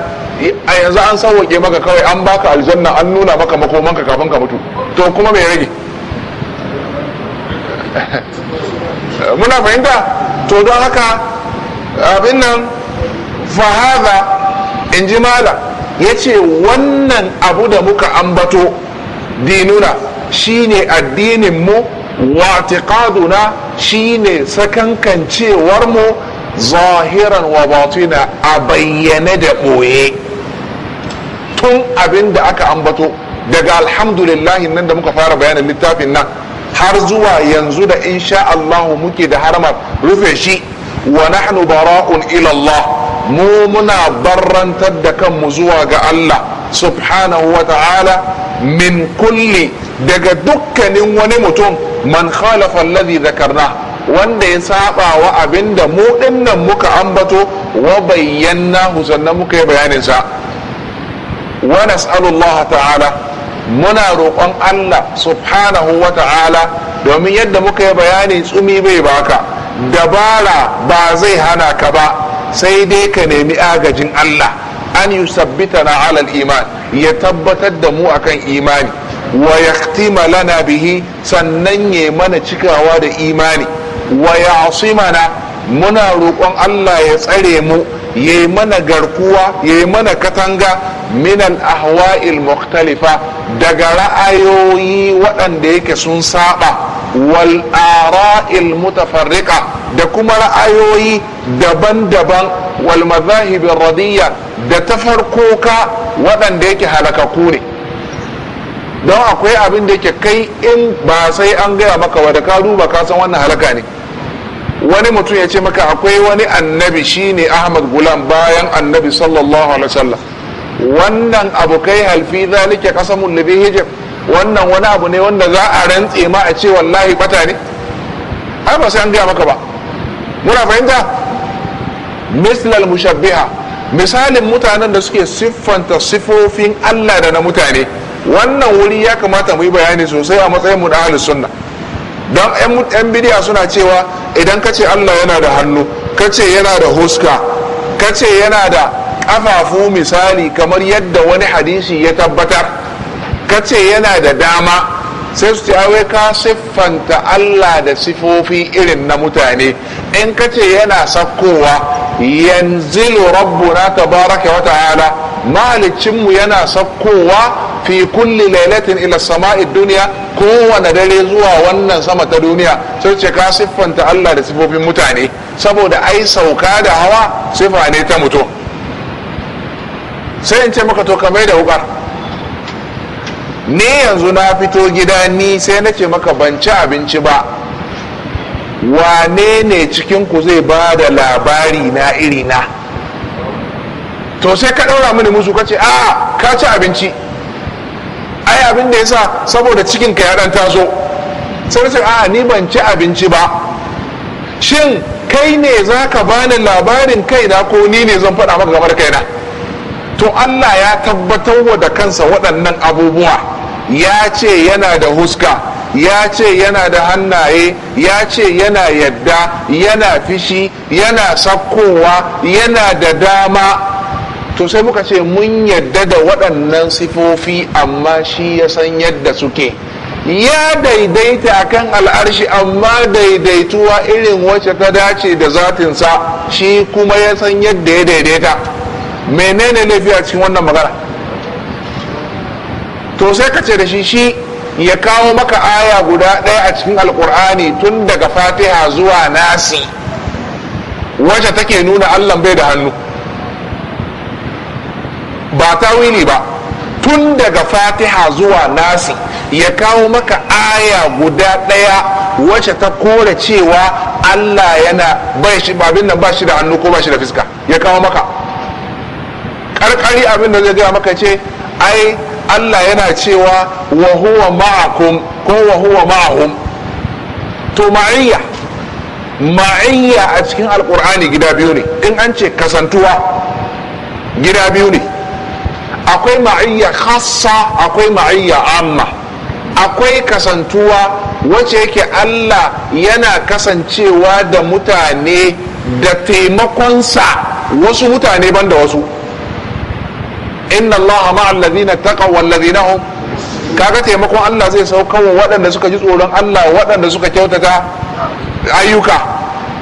a yanzu an sauke maka kawai an baka aljanna an nuna maka makomanka kafin ka mutu to kuma me rage muna fahimta to don haka abin nan fahaza in ji mala ya ce wannan abu da muka ambato dinuna shine addininmu watiƙaduna shine sakankancewar mu zahiran wa batina a bayyane da ɓoye tun abin da aka ambato daga alhamdulillahi nan da muka fara bayanin littafin nan har zuwa yanzu da insha Allah muke da haramar rufe shi wa nahnu bara'un ila Allah mu muna barrantar da kanmu zuwa ga Allah subhanahu wa ta'ala min kulli daga dukkanin wani mutum man khalafa alladhi dhakarna wanda ya saba wa abinda mu dinnan muka ambato wa bayyana sannan muka yi bayaninsa. sa wa nas'alullaha ta'ala muna roƙon Allah subhanahu wa ta'ala domin yadda muka yi bayani tsumi bai baka dabara ba zai hana ka ba sai dai ka nemi agajin Allah an sabbita na alal iman ya tabbatar da mu akan imani wa yaktima lana bihi sannan ya mana cikawa da imani wa ya mana muna roƙon Allah ya tsare mu ya yi mana garkuwa ya yi mana katanga minan ahwa'il muktalifa daga ra'ayoyi waɗanda yake sun saba wal ara'il mutafarrika da kuma ra'ayoyi daban-daban wal mazahibin radiyya da ka waɗanda yake halakaku ne don akwai abin da yake kai in ba sai an gaya maka wadda ka duba ka san wannan halaka ne wani mutum ya ce maka akwai wani annabi shine ahmad gulam bayan annabi sallallahu alaihi wasallam wannan abu kai halfi zalike qasamul libi hijab wannan wani abu ne wanda za a rantse ma a ce wallahi bata ne ai ba sai an gaya maka ba muna fahimta mislal mushabbiha misalin mutanen da suke siffanta sifofin Allah da na mutane wannan wuri ya kamata mu yi bayani sosai a matsayin mu da ahlus sunna don 'yan bidiya suna cewa idan ka ce allah yana da hannu ka ce yana da huska ka ce yana da ƙafafu misali kamar yadda wani hadisi ya tabbatar ka ce yana da dama sai su ce ka siffanta allah da sifofi irin na mutane in ka ce yana sakkowa yanzu yanzilu rabbuna tabaraka wata ta'ala malicinmu yana sakkowa fi kulli lailatin ila sama'i duniya kowane dare zuwa wannan sama ta duniya sai ce ka siffanta Allah da sifofin mutane saboda ai sauka da hawa sifa ne ta mutum sai in ce maka to kamar da wukar ni yanzu na fito gida ni sai na ce maka ban ci abinci ba wane ne cikin ku zai ba da labari na irina to sai ka ɗaura mini musu kace ce a ka ci abinci ai abin da sa saboda cikin ka ya dan taso sai ce a ni ban ci abinci ba shin kai ne zaka bani labarin kaina ko ni ne zan faɗa maka gamar kaina to Allah ya tabbatar wa da kansa waɗannan abubuwa ya ce yana da huska ya ce yana da hannaye ya ce yana yadda yana fishi yana sakkowa yana da dama to sai muka ce mun yadda da waɗannan sifofi amma shi ya san yadda suke ya daidaita a kan al'arshi amma daidaituwa irin wacce ta dace da zatinsa shi kuma ya san yadda ya daidaita menene laifi a cikin wannan magana to sai ka ce da shi shi ya kawo maka aya guda ɗaya a cikin alkur'ani tun daga fatiha zuwa nasi wacce take nuna allah bai da hannu ba tawili ba tun daga fatiha zuwa nasi ya kawo maka aya guda ɗaya wacce ta kore cewa allah yana bai babin nan ba shi da hannu ko ba shi da fiska ya kawo maka ƙarƙari abin da zai gaya maka ce ai allah yana cewa wa huwa ma'akum ko wa huwa ma'ahum to ma'iyya ma'iyya a cikin alƙur'ani gida biyu ne in an ce kasantuwa gida biyu ne akwai ma'iyya khassa akwai ma'iyya amma akwai kasantuwa wacce yake Allah yana kasancewa da mutane da taimakonsa wasu mutane ban da wasu inna Allah ma'al ladina taqaw wal ladina hum kaga taimakon Allah zai saukawa waɗanda suka ji tsoron Allah waɗanda suka kyautata ayyuka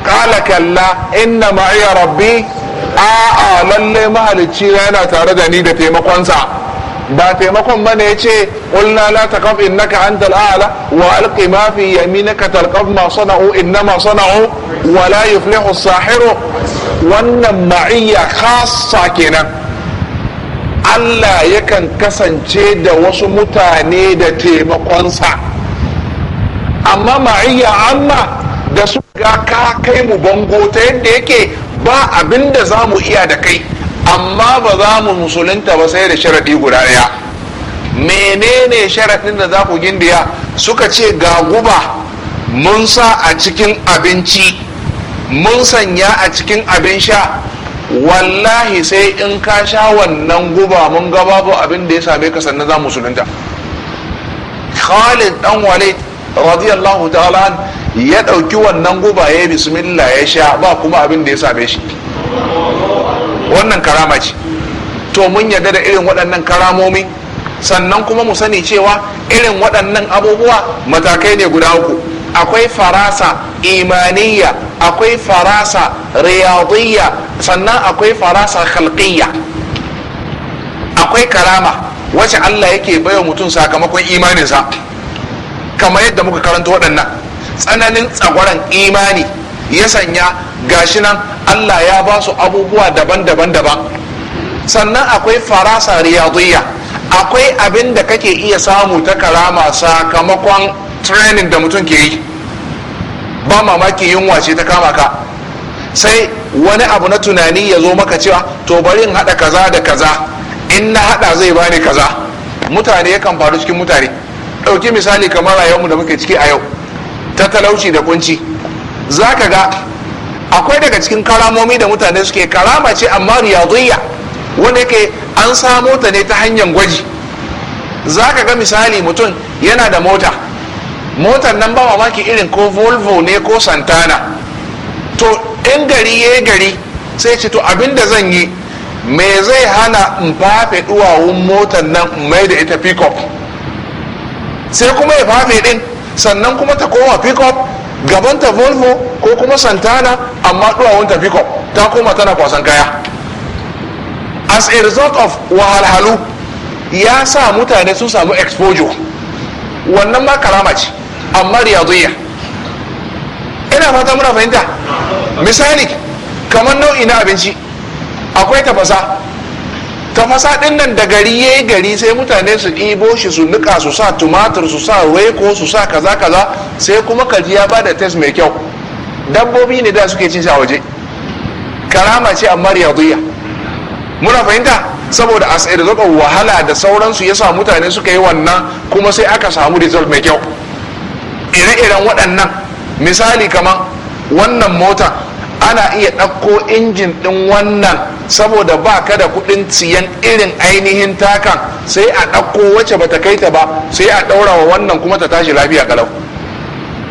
qala kalla inna ma'iya rabbi a'a lalle mahalicci yana tare da ni da taimakonsa ba taimakon ba ne ya ce ƙulna la taqaf innaka antal a'la wa alqi ma fi yaminika talqaf ma sana'u ma sana'u wa la yuflihu sahiru wannan ma'iyya khassa kenan Allah yakan kasance da wasu mutane da taimakonsa amma ma'iyya amma da su ga ka kai mu bango ta yadda yake ba abin da za mu iya da kai amma ba za mu musulunta ba sai da sharaɗi guda ɗaya menene sharaɗin da za ku gindiya suka ce ga guba mun sa a cikin abinci mun sanya a cikin abin sha wallahi sai in ka sha wannan guba mun ga babu abin da ya same ka sannan za musulunta khalid dan walid radiyallahu ta'ala ya ɗauki wannan guba ya bismillah ya sha ba kuma abin da ya same shi wannan karama ce to mun yarda da irin waɗannan karamomi sannan kuma mu sani cewa irin waɗannan abubuwa matakai ne guda uku akwai farasa imaniya. akwai farasa riyadiyya sannan akwai farasa khalqiyya akwai karama wacce Allah yake baiwa mutum sakamakon imaninsa kamar yadda muka karanta waɗannan tsananin tsagwaron imani ya sanya gashi nan Allah ya ba su abubuwa daban-daban daban sannan akwai farasa riyaduyya akwai abin da kake iya samu ta karama sakamakon training da mutum ke yi ba mamaki yunwa ce ta kama ka sai wani abu na tunani ya zo maka cewa to bari in haɗa kaza da kaza in na haɗa zai bani kaza mutane yakan faru cikin mutane ɗauki misali kamar rayuwarmu da muke ciki a yau ta talauci da kunci za ka ga akwai daga cikin karamomi da mutane suke karama ce amma riyadiyya wanda yake an samo ta ne ta hanyar gwaji za ka ga misali mutum yana da mota motar nan ba mamaki irin ko volvo ne ko santana to in gari ya gari sai ce to abin da zan yi me zai hana in fafe duwawun motar nan mai da ita pickup sai kuma ya fafe din sannan kuma ta koma pickup gabanta volvo ko kuma santana amma duwawunta pickup ta koma tana kwasan kaya as a result of wahalhalu ya sa mutane sun samu exposure wannan ma karama ce amma iya. ina fata muna fahimta misali kamar nau'i na abinci akwai tafasa Ta ɗin nan da gari ya yi gari sai mutane su ɗibo shi su nika su sa tumatur su sa wai ko su sa kaza kaza sai kuma kaji ya bada test mai kyau dabbobi ne da suke cin shi a waje karama ce amma zuya. muna fahimta saboda a tsaye da wahala da sauransu ya sa mutane suka yi wannan kuma sai aka samu result mai kyau ire-iren waɗannan misali kamar wannan mota ana iya ɗauko injin ɗin wannan saboda ba ka da kuɗin siyan irin ainihin takan sai a ɗauko wacce ta kai ta ba sai a ɗaura wa wannan kuma ta tashi lafiya galau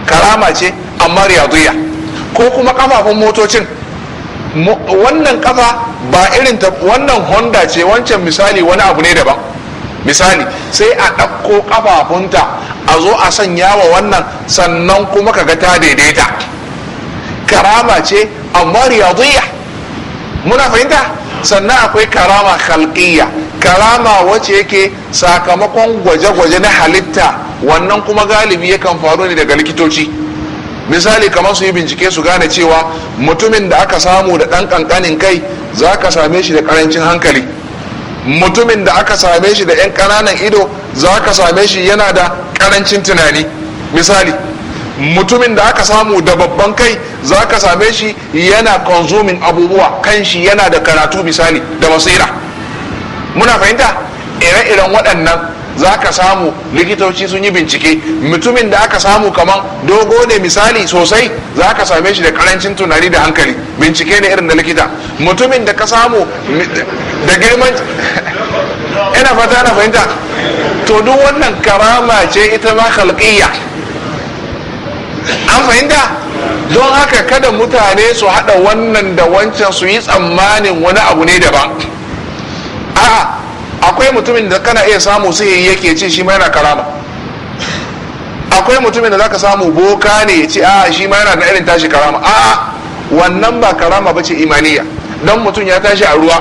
karama ce amma riyaduya ko kuma kafafun motocin wannan kafa ba irin ta wannan honda ce wancan misali wani abu ne daban misali sai a ɗauko kafafunta a zo a sanya wa wannan sannan kuma ka ga ta daidaita karama ce amma riyadiyya muna fahimta sannan akwai karama khalqiyya karama wacce yake sakamakon gwaje-gwaje na halitta wannan kuma galibi yakan faru ne daga likitoci misali kamar su yi bincike su gane cewa mutumin da aka samu da ɗan ƙanƙanin kai za ka same shi da ƙarancin hankali mutumin da aka same shi da 'yan ƙananan ido za ka same shi yana da ƙarancin tunani misali mutumin da aka samu da babban kai za ka same shi yana konsumin abubuwa kan shi yana da karatu misali da masira. muna fahimta ire-iren waɗannan za ka samu likitoci sun yi bincike mutumin da aka samu kaman dogo ne misali sosai za ka same shi da karancin tunani da hankali bincike ne irin da likita mutumin da ka samu da girman ina fata na fahimta to duk wannan karama ce ita ma khalqiyya an fahimta don haka kada mutane su hada wannan da wancan su yi tsammanin wani abu ne daban a akwai mutumin da kana iya samu sihiri yake ce shi yana karama akwai mutumin da zaka samu boka ne ya ce a shi ma yana da irin tashi karama a wannan ba karama ba ce imaniya don mutum ya tashi a ruwa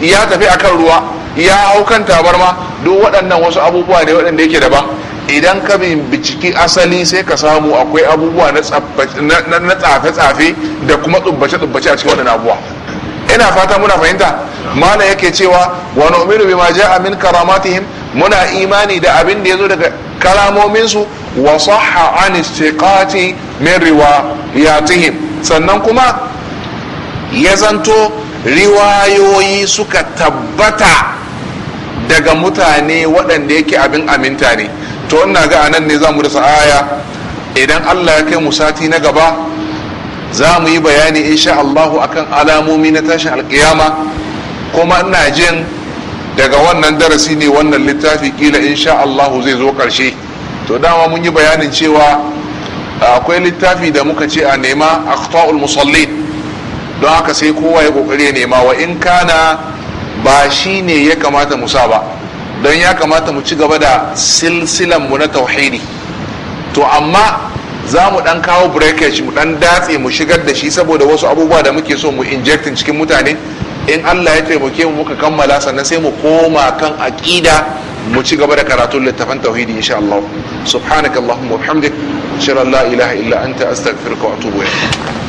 ya tafi akan ruwa ya hau kan tabarma duk waɗannan wasu abubuwa ne waɗanda yake daban idan ka binciki asali sai ka samu akwai abubuwa na tsafe-tsafe da kuma tsubbace-tsubbace a cikin waɗannan abubuwa ina fata muna fahimta mana yake cewa wa nu'minu bima ja'a min karamatihim muna imani da abin da ya zo daga karamomin su wa sahha an istiqati min riwayatihim sannan kuma ya zanto riwayoyi suka tabbata daga mutane waɗanda yake abin aminta ne to wannan ga anan ne za mu dasa aya idan allah ya kai mu sati na gaba za mu yi bayani insha allahu akan alamomi na tashin alkiyama kuma ina jin daga wannan darasi ne wannan littafi kila insha allahu zai zo karshe to dama mun yi bayanin cewa akwai littafi da muka ce a nema akhta'ul musallin don haka sai kowa ya kokari ya nema wa in kana ba shi ne ya kamata musa ba don ya kamata mu ci gaba da silsilan mu na tauhidi to amma za mu dan kawo breakage mu dan datse mu shigar da shi saboda wasu abubuwa da muke so mu injectin cikin mutane in Allah ya taimake mu muka kammala sannan sai mu koma kan aqida mu ci gaba da karatun littafin tauhidi insha Allah subhanakallahumma wa bihamdik la ilaha illa anta astaghfiruka wa atubu ilayk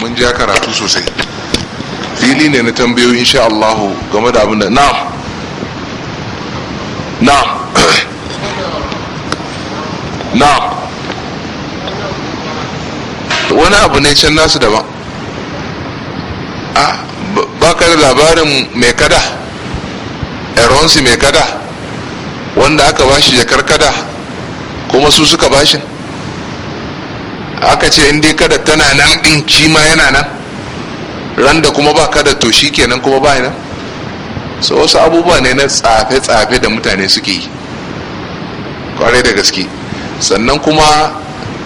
mun ja karatu sosai fili ne na tambayo insha Allah game da abin da na na na wani abu ne can nasu daban ah, a ka da labarin mai kada eronsi mai kada wanda aka bashi jakar kada kuma su suka bashin aka ce in dai kada tana nan din shi ma yana nan ran da kuma ba kada to shi kenan kuma ba nan so wasu abubuwa ne na tsafe-tsafe da mutane suke yi kwarai da gaske sannan kuma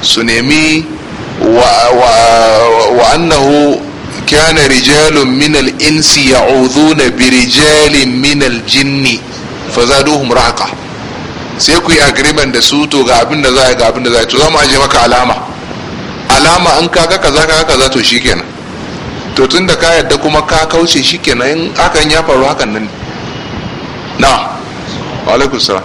su nemi wa annahu kyanar rijalun minal insi ya'udhuna na birijalin minal jinni fazaduhum raqa sai ku yi agreement da su to ga abin da za ga abin da za to za mu aje maka alama alama in kaga kaza kaga kaza to shikenan to tun da ka yadda kuma ka kauce shikenan in hakan ya faru hakan nan na wa alaikum salam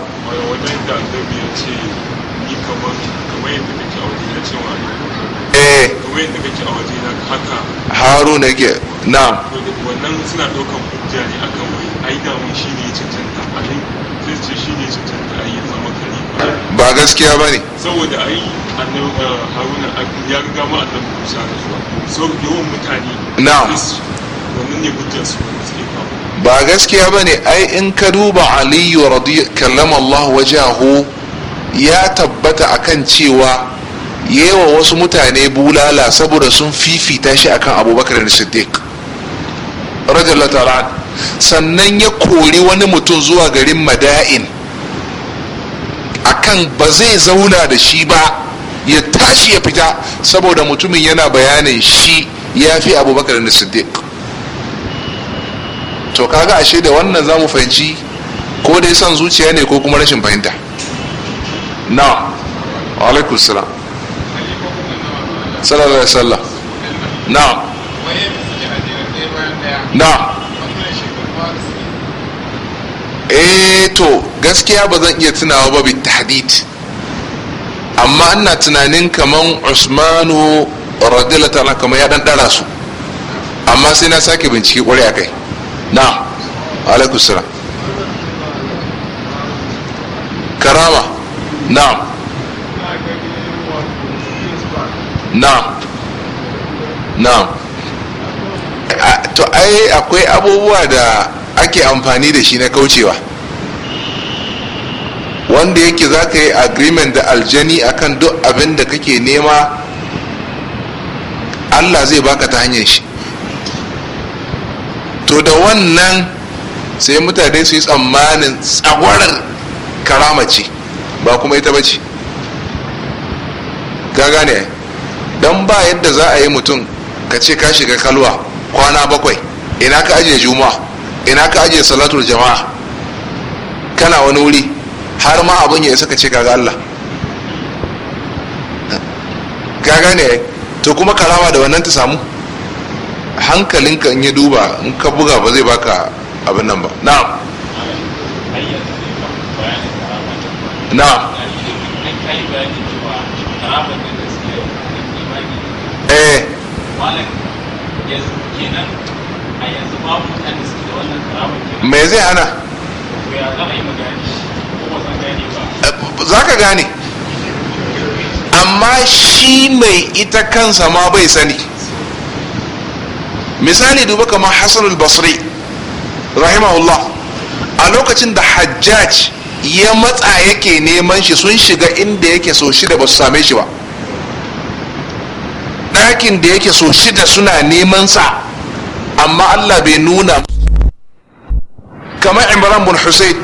eh haruna yake na wannan suna daukan hujja ne akan wai ai da mun shine ya cancanta a zai ce shine ya cancanta a yi ba gaskiya ba ne saboda ai eh, haruna ya riga ma annabi musa da zuwa so yawan mutane Na wannan ne hujjarsu wanda ba gaskiya ba ne ai in ka duba aliyu radiya kallama allah wajahu ya tabbata akan cewa yewa wasu mutane bulala saboda sun fifita shi akan abubakar da siddiq radiyallahu ta'ala sannan ya kori wani mutum zuwa garin mada'in akan ba zai zauna da shi ba ya tashi ya fita saboda mutumin yana bayanin shi ya fi abubakar da siddiq to kaga ashe da wannan za mu fahimci ko dai son zuciya ne ko kuma rashin fahimta na alaikun salam salallahu alaihi na na eh to gaskiya ba zan iya tunawa ba hadid. amma ana tunanin kaman usmanu radiyallahu ta'ala kama ya dan dara su amma sai na sake bincike kwarai a kai na alaikum salam karama na na na to ai akwai abubuwa da ake amfani da shi na kaucewa wanda yake za ka yi agreement da aljani a kan duk abin da kake nema allah zai baka ta hanyar shi to da wannan sai mutane su yi tsammanin tsagwarar karama ce ba kuma ita ba ce ka gane don ba yadda za a yi mutum ka ce ka shiga kalwa kwana bakwai ina ka ajiye juma'a ina ka ajiye salatul jama'a kana wani wuri har ma abin ya isa ka ce kaga Allah gaga ne to kuma karama da wannan ta samu hankalinka in ya duba in ka buga ba zai baka abin nan ba na'am na'am eh a yanzu babu mutane suke me zai ana za ka gane amma shi mai ita kansa ma bai sani misali duba kamar hassan basri rahimahullah a lokacin da hajjaj ya matsa yake neman shi sun shiga inda yake so shida ba su same shi ba ɗakin da yake so shida suna neman sa amma allah bai nuna kamar imran bin hussein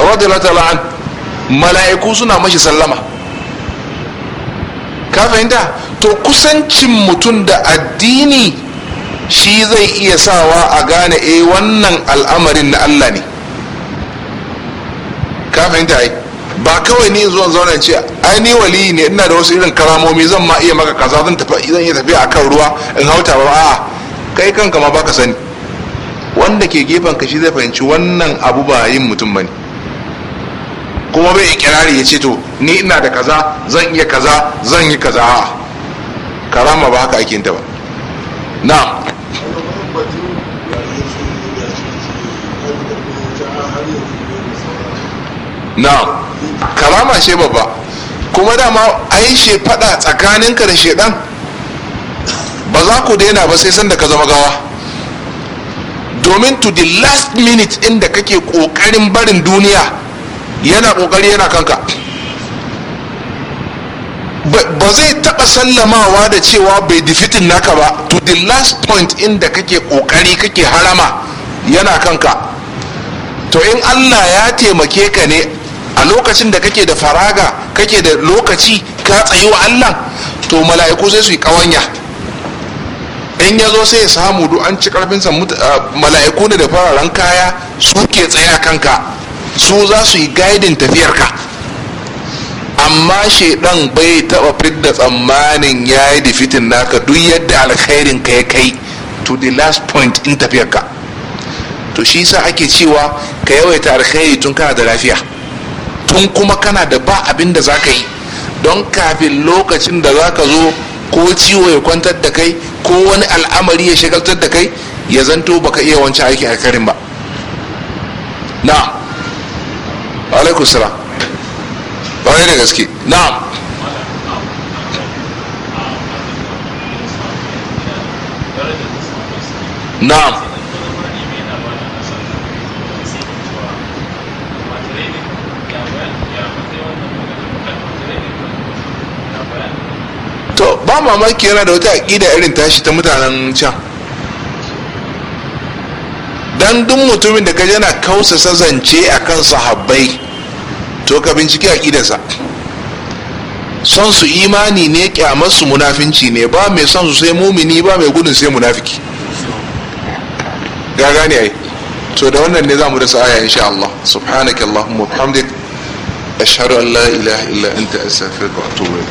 radiyallahu ta'ala an mala'iku suna mashi sallama ka fahimta to kusancin mutum da addini shi zai iya sawa a gane eh wannan al'amarin na Allah ne ka fahimta ai ba kawai ni zuwan zauna ce ai ni wali ne ina da wasu irin karamomi zan ma iya maka kaza zan tafi zan iya tafiya akan ruwa in hauta ba a'a kai kanka ma baka sani wanda ke gefen ka shi zai fahimci wannan abu ba yin mutum bane kuma bai ikirari ya ce to ni ina da kaza zan iya kaza zan yi kaza a karama ba haka ake ta ba na na karama shi babba kuma dama ai shi fada tsakaninka da shedan ba za ku daina ba sai sanda ka zama gawa domin to the last minute inda kake kokarin barin duniya yana kokari yana kanka ba zai taba sallamawa da cewa bai difitin naka ba to the last point inda kake kokari kake harama yana kanka to in allah ya taimake ka ne a lokacin da kake da faraga kake da lokaci ka tsayi wa allah to mala'iku sai su yi kawanya in ya zo sai ya samu duk an ci karfinsa mala'iku ne da fararen kaya suke tsaye a kanka su za su yi gaidin tafiyarka amma shaidan bai taba fidda tsammanin ya yi difitin naka duk yadda alkhairin ka ya kai to the last point in tafiyarka to shi sa ake cewa ka yawaita alkhairi tun kana da lafiya tun kuma kana da ba abin da za ka yi don kafin lokacin da za ka zo ko ciwo ya kwantar da kai ko wani al'amari ya shagaltar da kai ya zanto baka iya wancan aiki a karin ba na alaikum ba ƙwarai da gaske na na to ba mamaki yana da wata aƙida irin tashi ta mutanen can dan duk mutumin da kaji yana kausa zance a kan sahabbai to ka bincike aƙidarsa son su imani ne kyamarsu munafinci ne ba mai son su sai mumini ba mai gudun sai munafiki gaga ne ai to da wannan ne za mu dasa aya insha Allah subhanakallahumma Allahumma ashhadu an la ilaha illa anta astaghfiruka wa atubu